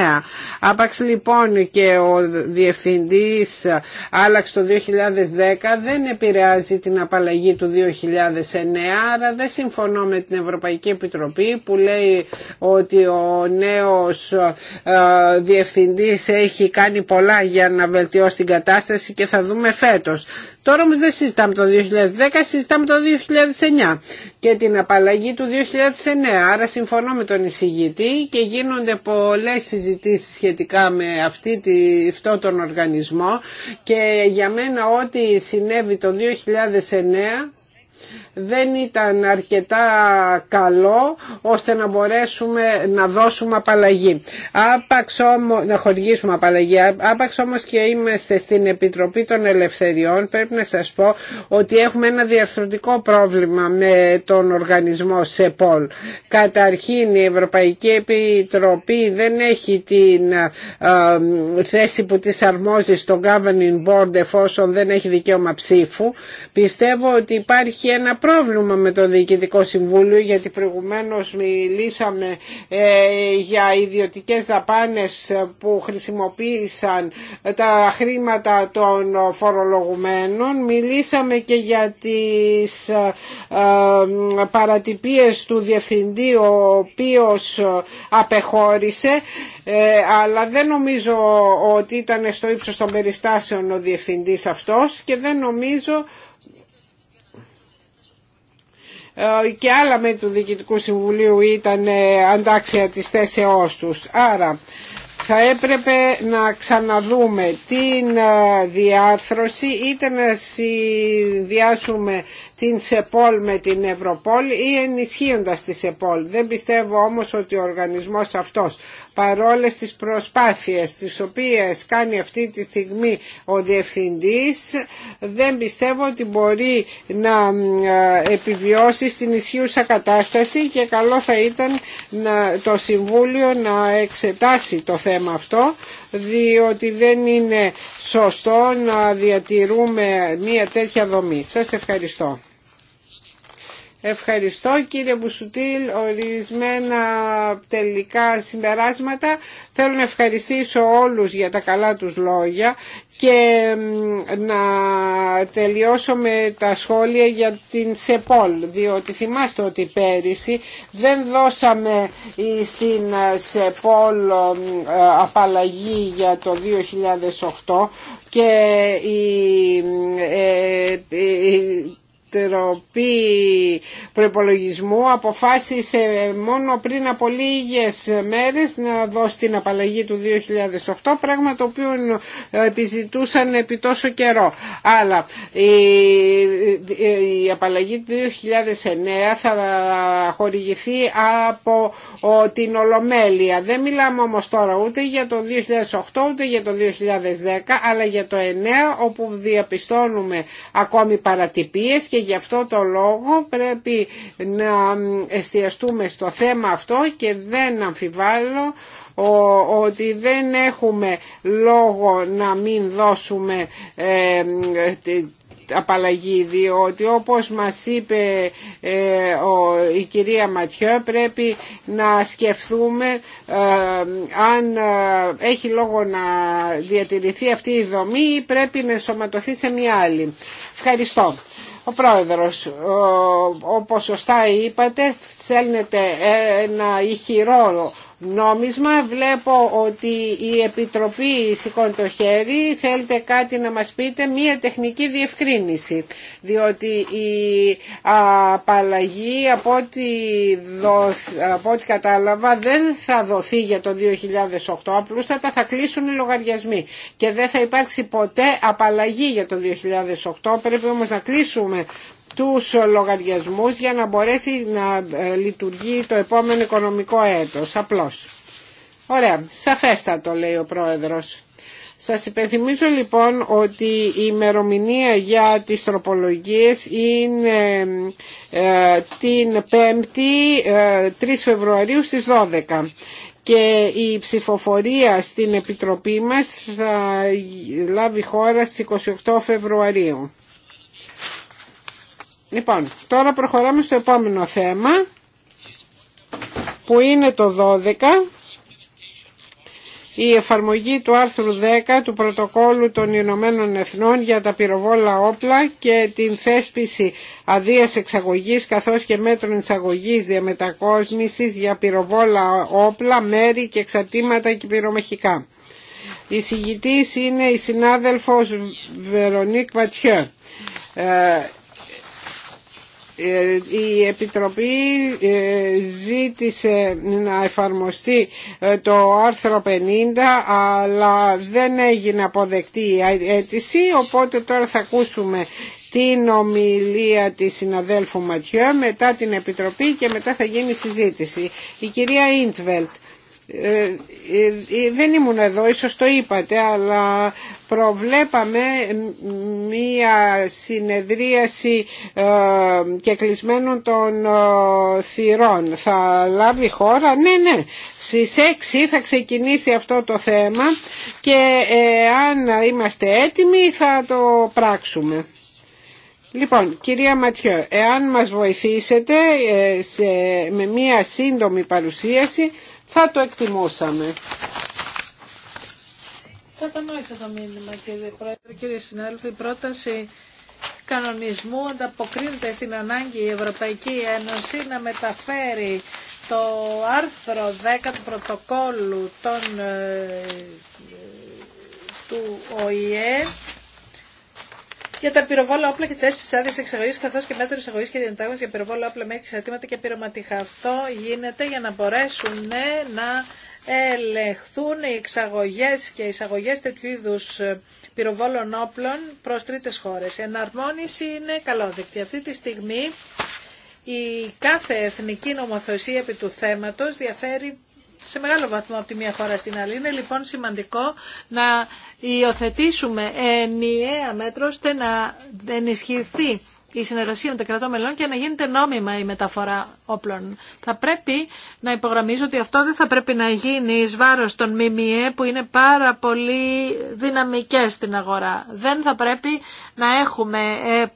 Άπαξ λοιπόν και ο διευθυντής άλλαξε το 2010 δεν επηρεάζει την απαλλαγή του 2009 άρα δεν συμφωνώ με την Ευρωπαϊκή Επιτροπή που λέει ότι ο νέος ε, διευθυντής έχει κάνει πολλά για να βελτιώσει την κατάσταση και θα δούμε φέτος. Τώρα όμως δεν συζητάμε το 2010, συζητάμε το 2009 και την απαλλαγή του 2009. Άρα συμφωνώ με τον εισηγητή και γίνονται πολλές συζητήσεις σχετικά με αυτή τη, αυτό τον οργανισμό και για μένα ό,τι συνέβη το 2009 δεν ήταν αρκετά καλό ώστε να μπορέσουμε να δώσουμε απαλλαγή. Άπαξ όμως, να χορηγήσουμε απαλλαγή. Άπαξ όμως και είμαστε στην Επιτροπή των Ελευθεριών. Πρέπει να σας πω ότι έχουμε ένα διαρθρωτικό πρόβλημα με τον οργανισμό ΣΕΠΟΛ. Καταρχήν η Ευρωπαϊκή Επιτροπή δεν έχει την θέση που της αρμόζει στο Governing Board εφόσον δεν έχει δικαίωμα ψήφου. Πιστεύω ότι υπάρχει ένα πρόβλημα με το Διοικητικό Συμβούλιο γιατί προηγουμένως μιλήσαμε ε, για ιδιωτικές δαπάνες που χρησιμοποίησαν τα χρήματα των φορολογουμένων. Μιλήσαμε και για τις ε, ε, παρατυπίες του Διευθυντή ο οποίος απεχώρησε αλλά δεν νομίζω ότι ήταν στο ύψος των περιστάσεων ο Διευθυντής αυτός και δεν νομίζω ε, και άλλα μέλη του Διοικητικού Συμβουλίου ήταν ε, αντάξια της θέσεώς τους. Άρα θα έπρεπε να ξαναδούμε την ε, διάρθρωση είτε να συνδυάσουμε την ΣΕΠΟΛ με την Ευρωπόλ ή ενισχύοντας τη ΣΕΠΟΛ. Δεν πιστεύω όμως ότι ο οργανισμός αυτός παρόλες τις προσπάθειες τις οποίες κάνει αυτή τη στιγμή ο Διευθυντής δεν πιστεύω ότι μπορεί να επιβιώσει στην ισχύουσα κατάσταση και καλό θα ήταν το Συμβούλιο να εξετάσει το θέμα αυτό διότι δεν είναι σωστό να διατηρούμε μια τέτοια δομή. Σας ευχαριστώ. Ευχαριστώ κύριε Μπουσουτήλ. Ορισμένα τελικά συμπεράσματα. Θέλω να ευχαριστήσω όλους για τα καλά τους λόγια και να τελειώσω με τα σχόλια για την ΣΕΠΟΛ διότι θυμάστε ότι πέρυσι δεν δώσαμε στην ΣΕΠΟΛ απαλλαγή για το 2008 και η ε, Επιτροπή Προπολογισμού αποφάσισε μόνο πριν από λίγες μέρες να δώσει την απαλλαγή του 2008 πράγμα το οποίο επιζητούσαν επί τόσο καιρό. Αλλά η απαλλαγή του 2009 θα χορηγηθεί από την Ολομέλεια. Δεν μιλάμε όμως τώρα ούτε για το 2008 ούτε για το 2010 αλλά για το 2009 όπου διαπιστώνουμε ακόμη παρατυπίες και γι' αυτό το λόγο πρέπει να εστιαστούμε στο θέμα αυτό και δεν αμφιβάλλω ότι δεν έχουμε λόγο να μην δώσουμε ε, απαλλαγή διότι όπως μας είπε ε, η κυρία Ματιό πρέπει να σκεφτούμε ε, αν έχει λόγο να διατηρηθεί αυτή η δομή ή πρέπει να ενσωματωθεί σε μια άλλη. Ευχαριστώ. Ο πρόεδρος, όπως σωστά είπατε, θέλετε ένα ηχηρό νόμισμα. Βλέπω ότι η Επιτροπή σηκώνει το χέρι. Θέλετε κάτι να μας πείτε, μία τεχνική διευκρίνηση. Διότι η απαλλαγή από ό,τι, από κατάλαβα δεν θα δοθεί για το 2008, απλούστατα θα κλείσουν οι λογαριασμοί και δεν θα υπάρξει ποτέ απαλλαγή για το 2008. Πρέπει όμως να κλείσουμε τους λογαριασμούς για να μπορέσει να ε, λειτουργεί το επόμενο οικονομικό έτος, απλώς. Ωραία, σαφέστατο λέει ο Πρόεδρος. Σας υπενθυμίζω λοιπόν ότι η ημερομηνία για τις τροπολογίες είναι ε, την 5η 3 ε, Φεβρουαρίου στις 12 και η ψηφοφορία στην Επιτροπή μας θα λάβει χώρα στις 28 Φεβρουαρίου. Λοιπόν, τώρα προχωράμε στο επόμενο θέμα που είναι το 12 η εφαρμογή του άρθρου 10 του Πρωτοκόλου των Ηνωμένων Εθνών για τα πυροβόλα όπλα και την θέσπιση αδείας εξαγωγής καθώς και μέτρων εξαγωγής διαμετακόσμησης για πυροβόλα όπλα, μέρη και εξαρτήματα και πυρομαχικά. Η συγητής είναι η συνάδελφος Βερονίκ Ματιέ. Ε, ε, η Επιτροπή ε, ζήτησε να εφαρμοστεί ε, το άρθρο 50 αλλά δεν έγινε αποδεκτή η αίτηση οπότε τώρα θα ακούσουμε την ομιλία της συναδέλφου Ματιώ μετά την Επιτροπή και μετά θα γίνει συζήτηση. Η κυρία Ίντβελτ. Ε, δεν ήμουν εδώ, ίσως το είπατε, αλλά προβλέπαμε μία συνεδρίαση ε, και κλεισμένων των ε, θυρών. Θα λάβει χώρα, ναι, ναι, στις 6 θα ξεκινήσει αυτό το θέμα και ε, αν είμαστε έτοιμοι θα το πράξουμε. Λοιπόν, κυρία Ματιό, εάν μας βοηθήσετε με μία σύντομη παρουσίαση θα το εκτιμούσαμε. Κατανόησα το μήνυμα κύριε Πρόεδρε, κύριε συνάδελφοι. Η πρόταση κανονισμού ανταποκρίνεται στην ανάγκη η Ευρωπαϊκή Ένωση να μεταφέρει το άρθρο 10 του πρωτοκόλλου των, ε, του ΟΗΕ για τα πυροβόλα όπλα και θέσει άδειε εξαγωγή, καθώ και μέτρου εξαγωγή και διεντάγματα για πυροβόλα όπλα μέχρι εξαρτήματα και πυρωματικά. Αυτό γίνεται για να μπορέσουν ναι, να ελεγχθούν οι εξαγωγές και οι εισαγωγές τέτοιου είδου ε, πυροβόλων όπλων προς τρίτες χώρες. Η εναρμόνιση είναι καλόδεκτη. Αυτή τη στιγμή η κάθε εθνική νομοθεσία επί του θέματος διαφέρει σε μεγάλο βαθμό από τη μία χώρα στην άλλη. Είναι λοιπόν σημαντικό να υιοθετήσουμε ενιαία μέτρο ώστε να ενισχυθεί η συνεργασία με τα κρατών μελών και να γίνεται νόμιμα η μεταφορά όπλων. Θα πρέπει να υπογραμμίζω ότι αυτό δεν θα πρέπει να γίνει εις βάρος των ΜΜΕ που είναι πάρα πολύ δυναμικές στην αγορά. Δεν θα πρέπει να έχουμε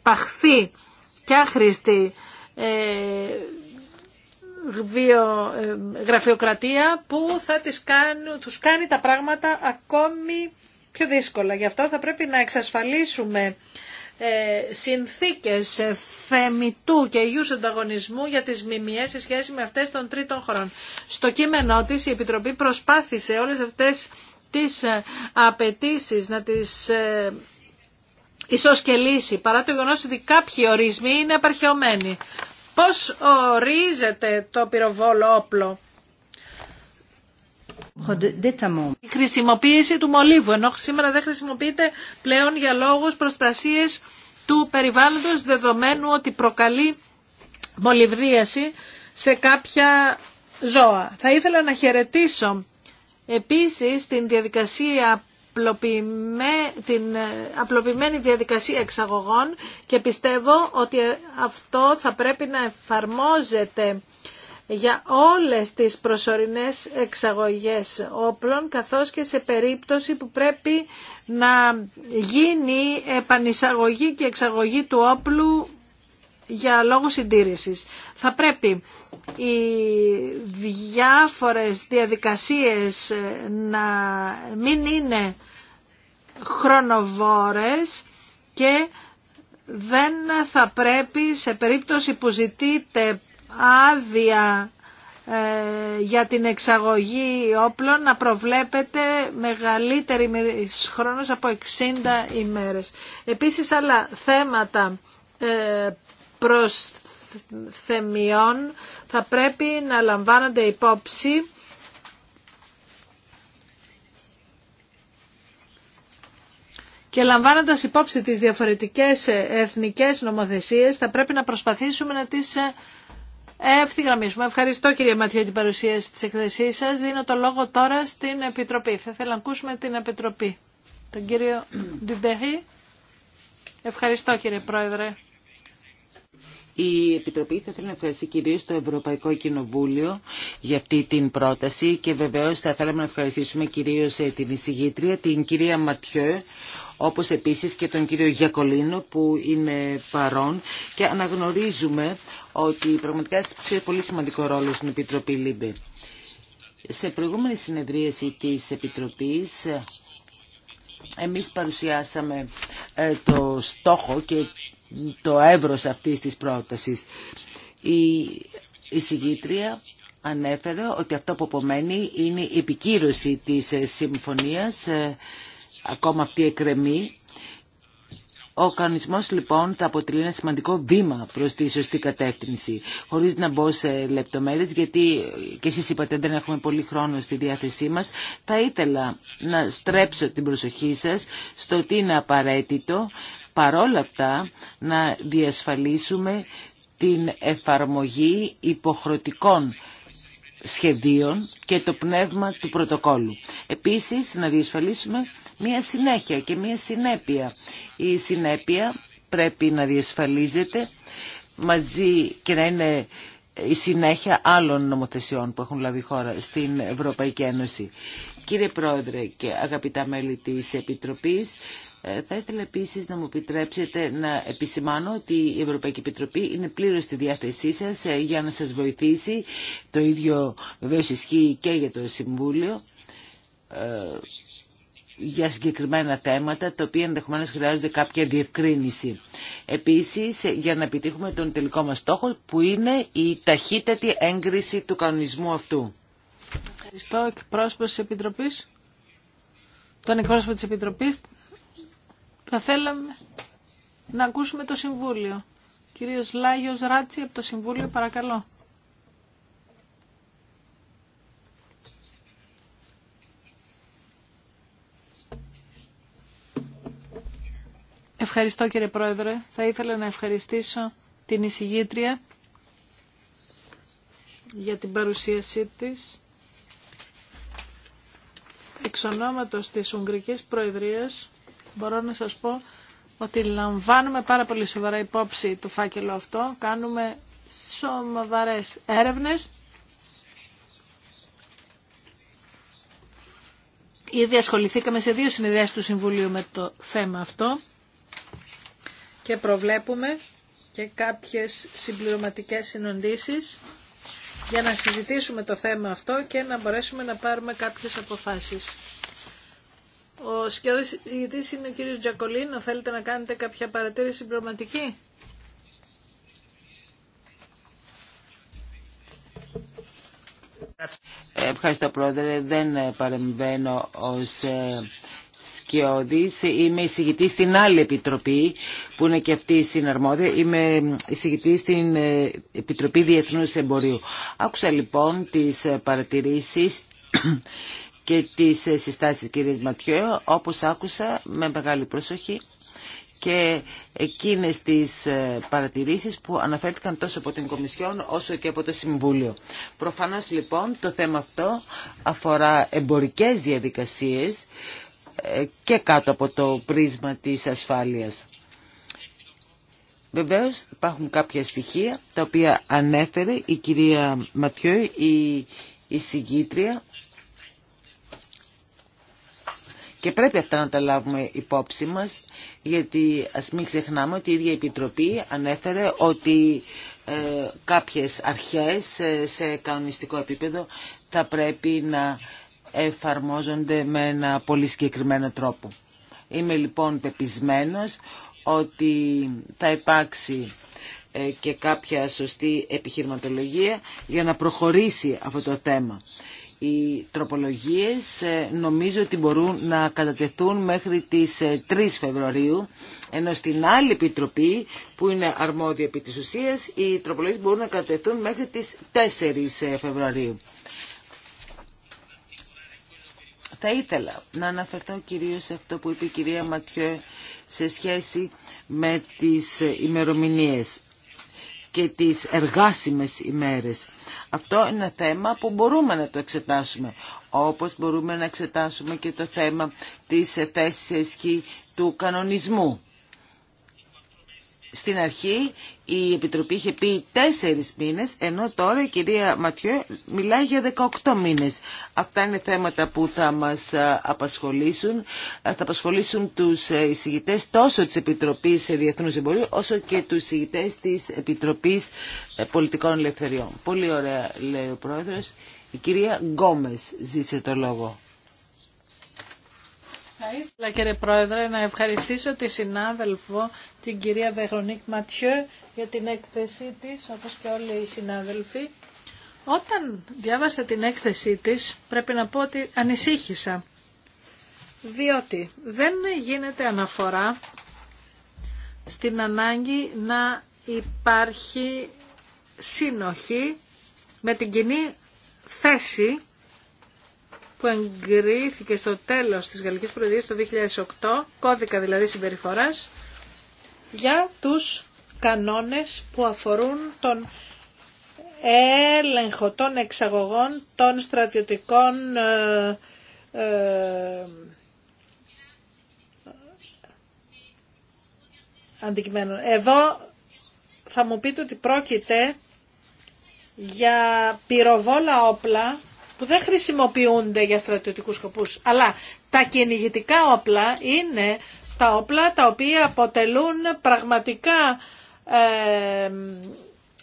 παχθεί και άχρηστη ε, ε, γραφειοκρατία που θα τις τους κάνει τα πράγματα ακόμη πιο δύσκολα. Γι' αυτό θα πρέπει να εξασφαλίσουμε ε, συνθήκες ε, θεμητού και υγιού ανταγωνισμού για τις μιμιές σε σχέση με αυτές των τρίτων χωρών. Στο κείμενό της η Επιτροπή προσπάθησε όλες αυτές τις ε, απαιτήσει να τις ισοσκελίσει παρά το γεγονός ότι κάποιοι ορισμοί είναι απαρχαιωμένοι. Πώς ορίζεται το πυροβόλο όπλο η χρησιμοποίηση του μολύβου, ενώ σήμερα δεν χρησιμοποιείται πλέον για λόγους προστασίες του περιβάλλοντος, δεδομένου ότι προκαλεί μολυβδίαση σε κάποια ζώα. Θα ήθελα να χαιρετήσω επίσης την διαδικασία την ε, απλοποιημένη διαδικασία εξαγωγών και πιστεύω ότι αυτό θα πρέπει να εφαρμόζεται για όλες τις προσωρινές εξαγωγές όπλων καθώς και σε περίπτωση που πρέπει να γίνει επανεισαγωγή και εξαγωγή του όπλου για λόγους συντήρησης. Θα πρέπει οι διάφορες διαδικασίες να μην είναι χρονοβόρες και δεν θα πρέπει σε περίπτωση που ζητείτε άδεια ε, για την εξαγωγή όπλων να προβλέπεται μεγαλύτερη χρόνος από 60 ημέρες. Επίσης άλλα θέματα ε, προς θεμιών θα πρέπει να λαμβάνονται υπόψη Και λαμβάνοντας υπόψη τις διαφορετικές εθνικές νομοθεσίες θα πρέπει να προσπαθήσουμε να τις ε, ευθυγραμμίσουμε. Ευχαριστώ κύριε Ματιό την παρουσίαση της εκθεσής σας. Δίνω το λόγο τώρα στην Επιτροπή. Θα ήθελα να ακούσουμε την Επιτροπή. Τον κύριο Ντιντερή. Ευχαριστώ κύριε Πρόεδρε. Η Επιτροπή θα θέλει να ευχαριστήσει κυρίως το Ευρωπαϊκό Κοινοβούλιο για αυτή την πρόταση και βεβαίως θα θέλαμε να ευχαριστήσουμε κυρίως ε, την εισηγήτρια, την κυρία Ματιέ, όπως επίσης και τον κύριο Γιακολίνο που είναι παρόν και αναγνωρίζουμε ότι πραγματικά έχει πολύ σημαντικό ρόλο στην Επιτροπή ΛΥΜΠΕ. Σε προηγούμενη συνεδρίαση της Επιτροπής εμείς παρουσιάσαμε ε, το στόχο και το εύρος αυτής της πρότασης. Η, η συγκήτρια ανέφερε ότι αυτό που απομένει είναι η επικύρωση της ε, συμφωνίας ε, ακόμα αυτή εκρεμή, Ο κανονισμός λοιπόν θα αποτελεί ένα σημαντικό βήμα προς τη σωστή κατεύθυνση. Χωρίς να μπω σε λεπτομέρειες, γιατί και εσείς είπατε δεν έχουμε πολύ χρόνο στη διάθεσή μας, θα ήθελα να στρέψω την προσοχή σας στο ότι είναι απαραίτητο παρόλα αυτά να διασφαλίσουμε την εφαρμογή υποχρεωτικών σχεδίων και το πνεύμα του πρωτοκόλλου. Επίσης, να διασφαλίσουμε μία συνέχεια και μία συνέπεια. Η συνέπεια πρέπει να διασφαλίζεται μαζί και να είναι η συνέχεια άλλων νομοθεσιών που έχουν λάβει χώρα στην Ευρωπαϊκή Ένωση. Κύριε Πρόεδρε και αγαπητά μέλη της Επιτροπής, ε, θα ήθελα επίση να μου επιτρέψετε να επισημάνω ότι η Ευρωπαϊκή Επιτροπή είναι πλήρως στη διάθεσή σας ε, για να σας βοηθήσει. Το ίδιο βεβαίως ισχύει και για το Συμβούλιο. Ε, για συγκεκριμένα θέματα τα οποία ενδεχομένως χρειάζονται κάποια διευκρίνηση. Επίσης για να επιτύχουμε τον τελικό μας στόχο που είναι η ταχύτατη έγκριση του κανονισμού αυτού. Ευχαριστώ εκπρόσωπο της Επιτροπής. Τον εκπρόσωπο της Επιτροπής θα θέλαμε να ακούσουμε το Συμβούλιο. Κύριος Λάγιος Ράτσι από το Συμβούλιο παρακαλώ. Ευχαριστώ κύριε Πρόεδρε. Θα ήθελα να ευχαριστήσω την εισηγήτρια για την παρουσίασή της. Εξ ονόματος της Ουγγρικής Προεδρίας μπορώ να σας πω ότι λαμβάνουμε πάρα πολύ σοβαρά υπόψη του φάκελο αυτό. Κάνουμε σοβαρές έρευνες. Ήδη ασχοληθήκαμε σε δύο συνεδριάσεις του Συμβουλίου με το θέμα αυτό και προβλέπουμε και κάποιες συμπληρωματικές συνοντήσεις για να συζητήσουμε το θέμα αυτό και να μπορέσουμε να πάρουμε κάποιες αποφάσεις. Ο σκιώδης συζητής είναι ο κύριος Τζακολίνο. Θέλετε να κάνετε κάποια παρατήρηση συμπληρωματική. Ευχαριστώ πρόεδρε. Δεν παρεμβαίνω ως ε, είμαι εισηγητή στην άλλη επιτροπή που είναι και αυτή συναρμόδια, είμαι εισηγητή στην ε, Επιτροπή Διεθνούς Εμπορίου. Άκουσα λοιπόν τις ε, παρατηρήσεις *clears throat* και τις ε, συστάσεις κυρίες Ματιώ, όπως άκουσα με μεγάλη προσοχή και εκείνες τις παρατηρήσεις που αναφέρθηκαν τόσο από την Κομισιόν όσο και από το Συμβούλιο. Προφανώς λοιπόν το θέμα αυτό αφορά εμπορικές διαδικασίες ε, και κάτω από το πρίσμα της ασφάλειας. Βεβαίως υπάρχουν κάποια στοιχεία τα οποία ανέφερε η κυρία Ματιώ, η, η και πρέπει αυτά να τα λάβουμε υπόψη μας γιατί ας μην ξεχνάμε ότι η ίδια Επιτροπή ανέφερε ότι ε, κάποιες αρχές ε, σε κανονιστικό επίπεδο θα πρέπει να εφαρμόζονται με ένα πολύ συγκεκριμένο τρόπο. Είμαι λοιπόν πεπισμένος ότι θα υπάρξει ε, και κάποια σωστή επιχειρηματολογία για να προχωρήσει αυτό το θέμα. Οι τροπολογίες ε, νομίζω ότι μπορούν να κατατεθούν μέχρι τις 3 ε, Φεβρουαρίου, ενώ στην άλλη επιτροπή που είναι αρμόδια επί της ουσίας, οι τροπολογίες μπορούν να κατατεθούν μέχρι τις 4 Φεβρουαρίου. Θα ήθελα να αναφερθώ κυρίως σε αυτό που είπε η κυρία Ματιέ σε σχέση με τις ημερομηνίες και τις εργάσιμες ημέρες. Αυτό είναι ένα θέμα που μπορούμε να το εξετάσουμε, όπως μπορούμε να εξετάσουμε και το θέμα της θέσης του κανονισμού στην αρχή η Επιτροπή είχε πει τέσσερις μήνες, ενώ τώρα η κυρία Ματιέ μιλάει για 18 μήνες. Αυτά είναι θέματα που θα μας ε, απασχολήσουν. Ε, θα απασχολήσουν τους ε, εισηγητές τόσο της Επιτροπής Διεθνούς Εμπορίου, όσο και τους εισηγητές της Επιτροπής Πολιτικών Ελευθεριών. Πολύ ωραία λέει ο πρόεδρο Η κυρία Γκόμες ζήτησε το λόγο. Θα ήθελα κύριε Πρόεδρε να ευχαριστήσω τη συνάδελφο την κυρία Βεγρονίκ Ματιέ για την έκθεσή της όπως και όλοι οι συνάδελφοι. Όταν διάβασα την έκθεσή της πρέπει να πω ότι ανησύχησα διότι δεν γίνεται αναφορά στην ανάγκη να υπάρχει σύνοχη με την κοινή θέση που εγκρίθηκε στο τέλος της Γαλλικής Προεδρίας το 2008, κώδικα δηλαδή συμπεριφοράς, για τους κανόνες που αφορούν τον έλεγχο των εξαγωγών των στρατιωτικών ε, ε αντικειμένων. Εδώ θα μου πείτε ότι πρόκειται για πυροβόλα όπλα που δεν χρησιμοποιούνται για στρατιωτικούς σκοπούς, αλλά τα κυνηγητικά όπλα είναι τα όπλα τα οποία αποτελούν πραγματικά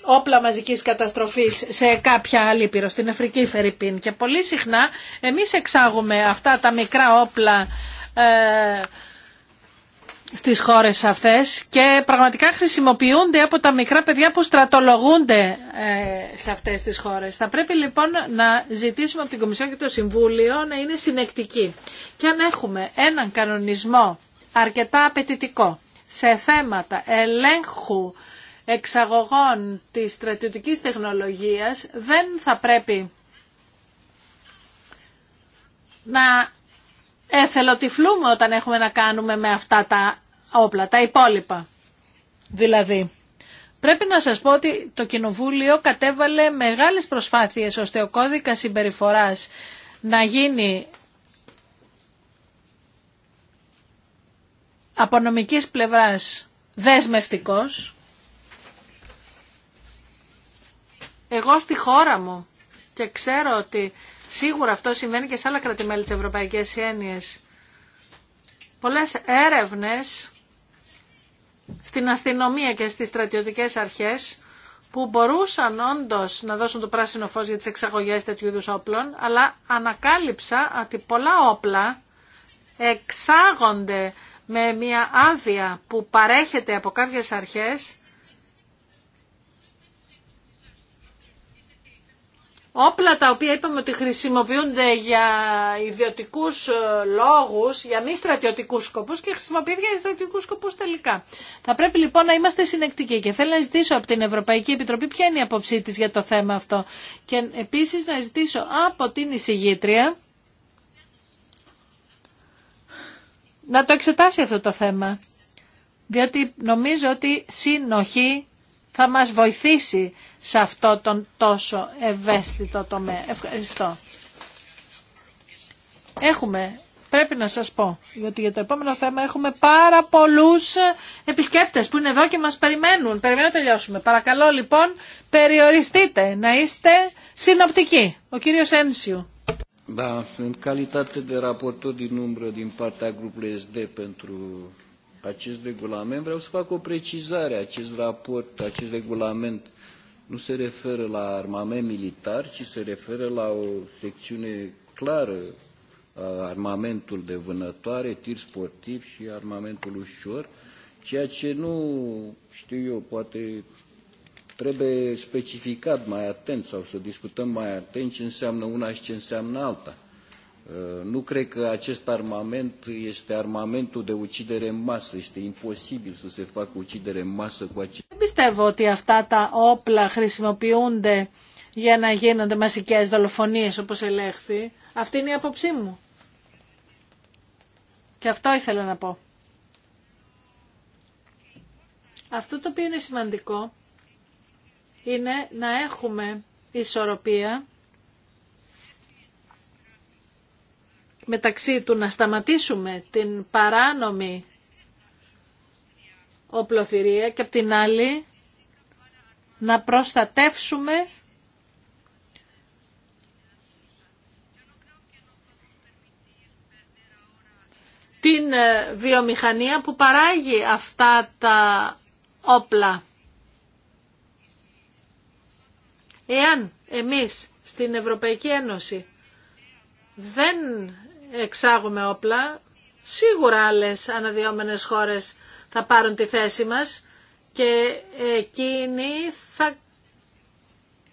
όπλα μαζικής καταστροφής σε κάποια άλλη πύρο, στην Αφρική Φερρυπίν. Και πολύ συχνά εμείς εξάγουμε αυτά τα μικρά όπλα ε, στις χώρες αυτές και πραγματικά χρησιμοποιούνται από τα μικρά παιδιά που στρατολογούνται ε, σε αυτές τις χώρες. Θα πρέπει λοιπόν να ζητήσουμε από την Κομισιόν και το Συμβούλιο να είναι συνεκτική. Και αν έχουμε έναν κανονισμό αρκετά απαιτητικό σε θέματα ελέγχου εξαγωγών της στρατιωτικής τεχνολογίας, δεν θα πρέπει να εθελοτυφλούμε όταν έχουμε να κάνουμε με αυτά τα όπλα, τα υπόλοιπα. Δηλαδή, πρέπει να σας πω ότι το Κοινοβούλιο κατέβαλε μεγάλες προσπάθειες ώστε ο κώδικας συμπεριφοράς να γίνει από νομικής πλευράς δεσμευτικός. Εγώ στη χώρα μου και ξέρω ότι σίγουρα αυτό συμβαίνει και σε άλλα κρατημέλη της Ευρωπαϊκής Έννοιας. Πολλές έρευνες στην αστυνομία και στις στρατιωτικές αρχές που μπορούσαν όντως να δώσουν το πράσινο φως για τις εξαγωγές τέτοιου είδους όπλων, αλλά ανακάλυψα ότι πολλά όπλα εξάγονται με μια άδεια που παρέχεται από κάποιες αρχές όπλα τα οποία είπαμε ότι χρησιμοποιούνται για ιδιωτικούς ε, λόγους, για μη στρατιωτικούς σκοπούς και χρησιμοποιούνται για στρατιωτικούς σκοπούς τελικά. Θα πρέπει λοιπόν να είμαστε συνεκτικοί και θέλω να ζητήσω από την Ευρωπαϊκή Επιτροπή ποια είναι η απόψή της για το θέμα αυτό και επίσης να ζητήσω από την εισηγήτρια να το εξετάσει αυτό το θέμα. Διότι νομίζω ότι συνοχή θα μας βοηθήσει σε αυτό τον τόσο ευαίσθητο τομέα. Ευχαριστώ. Έχουμε, πρέπει να σας πω, γιατί για το επόμενο θέμα έχουμε πάρα πολλούς επισκέπτες που είναι εδώ και μας περιμένουν. Περιμένω να τελειώσουμε. Παρακαλώ λοιπόν, περιοριστείτε, να είστε συνοπτικοί. Ο κύριος Ένσιου. Da, în calitate de acest regulament. Vreau să fac o precizare. Acest raport, acest regulament nu se referă la armament militar, ci se referă la o secțiune clară a armamentul de vânătoare, tir sportiv și armamentul ușor, ceea ce nu, știu eu, poate trebuie specificat mai atent sau să discutăm mai atent ce înseamnă una și ce înseamnă alta. Uh, nu Δεν πιστεύω ότι αυτά τα όπλα χρησιμοποιούνται για να γίνονται μασικέ δολοφονίες όπως ελέγχθη. Αυτή είναι η άποψή μου. Και αυτό ήθελα να πω. Αυτό το οποίο είναι σημαντικό είναι να έχουμε ισορροπία μεταξύ του να σταματήσουμε την παράνομη οπλοθυρία και απ' την άλλη να προστατεύσουμε την ε, βιομηχανία που παράγει αυτά τα όπλα. Εάν εμείς στην Ευρωπαϊκή Ένωση δεν εξάγουμε όπλα, σίγουρα άλλες αναδυόμενες χώρες θα πάρουν τη θέση μας και εκείνοι θα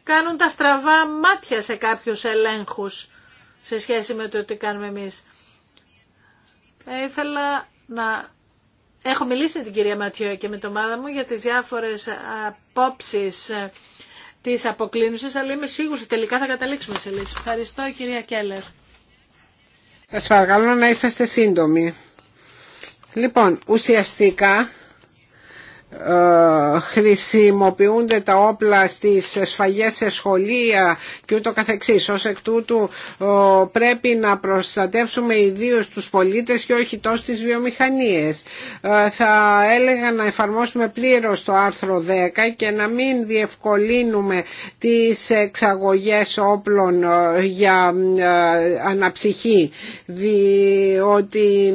κάνουν τα στραβά μάτια σε κάποιους ελέγχους σε σχέση με το τι κάνουμε εμείς. Θα ε, ήθελα να έχω μιλήσει με την κυρία Ματιό και με την ομάδα μου για τις διάφορες απόψεις ε, της αποκλίνουσης, αλλά είμαι σίγουρη τελικά θα καταλήξουμε σε λύση. Ευχαριστώ κυρία Κέλλερ. Σας παρακαλώ να είσαστε σύντομοι. Λοιπόν, ουσιαστικά ε, χρησιμοποιούνται τα όπλα στις σφαγές σε σχολεία και ούτω καθεξής. Ως εκ τούτου ε, πρέπει να προστατεύσουμε ιδίως τους πολίτες και όχι τόσο τις βιομηχανίες. Ε, θα έλεγα να εφαρμόσουμε πλήρως το άρθρο 10 και να μην διευκολύνουμε τις εξαγωγές όπλων για αναψυχή διότι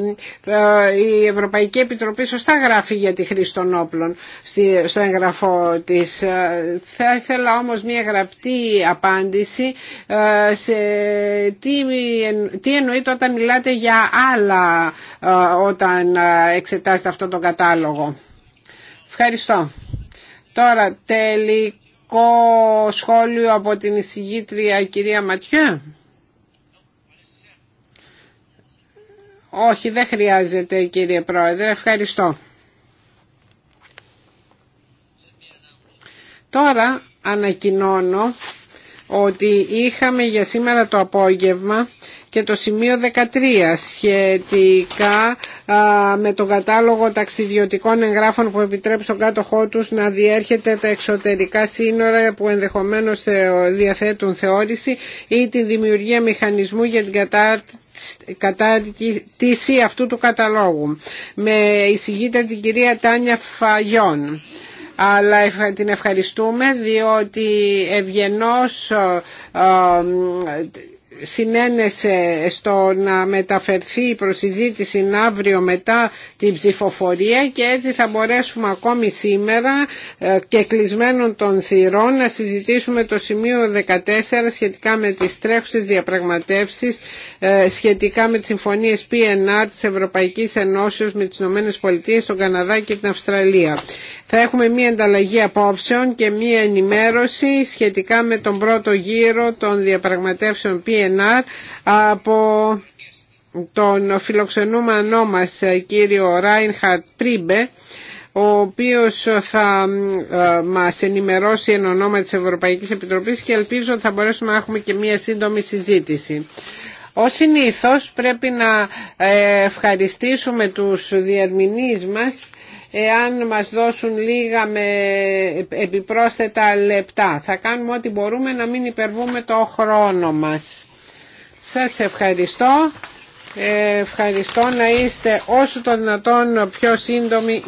η Ευρωπαϊκή Επιτροπή σωστά γράφει για τη χρήση των όπλων στο έγγραφό της. Ε, θα ήθελα όμως μια γραπτή απάντηση ε, σε τι εννοείται όταν μιλάτε για άλλα ε, όταν εξετάζετε αυτό τον κατάλογο. Ευχαριστώ. Τώρα τελικό σχόλιο από την εισηγήτρια κυρία Ματιά Όχι, δεν χρειάζεται κύριε Πρόεδρε. Ευχαριστώ. Τώρα ανακοινώνω ότι είχαμε για σήμερα το απόγευμα και το σημείο 13 σχετικά με το κατάλογο ταξιδιωτικών εγγράφων που επιτρέπει στον κάτοχό τους να διέρχεται τα εξωτερικά σύνορα που ενδεχομένως διαθέτουν θεώρηση ή τη δημιουργία μηχανισμού για την κατάρτιση κατάρτιση αυτού του καταλόγου με εισηγείται την κυρία Τάνια Φαγιόν αλλά την ευχαριστούμε διότι ευγενώς ε, ε, συνένεσε στο να μεταφερθεί η προσυζήτηση αύριο μετά την ψηφοφορία και έτσι θα μπορέσουμε ακόμη σήμερα ε, και κλεισμένων των θυρών να συζητήσουμε το σημείο 14 σχετικά με τις τρέχουσες διαπραγματεύσεις ε, σχετικά με τις συμφωνίες PNR της Ευρωπαϊκής Ενώσεως με τις Ηνωμένες Πολιτείες, τον Καναδά και την Αυστραλία. Θα έχουμε μία ανταλλαγή απόψεων και μία ενημέρωση σχετικά με τον πρώτο γύρο των διαπραγματεύσεων PNR από τον φιλοξενούμενό μας ε, κύριο Ράινχαρτ Πρίμπε ο οποίος θα ε, μας ενημερώσει εν ονόμα της Ευρωπαϊκής Επιτροπής και ελπίζω θα μπορέσουμε να έχουμε και μία σύντομη συζήτηση. Ως συνήθως πρέπει να ε, ευχαριστήσουμε τους διερμηνείς μας εάν μας δώσουν λίγα με επιπρόσθετα λεπτά. Θα κάνουμε ό,τι μπορούμε να μην υπερβούμε το χρόνο μας. Σας ευχαριστώ. Ε, ευχαριστώ να είστε όσο το δυνατόν πιο σύντομοι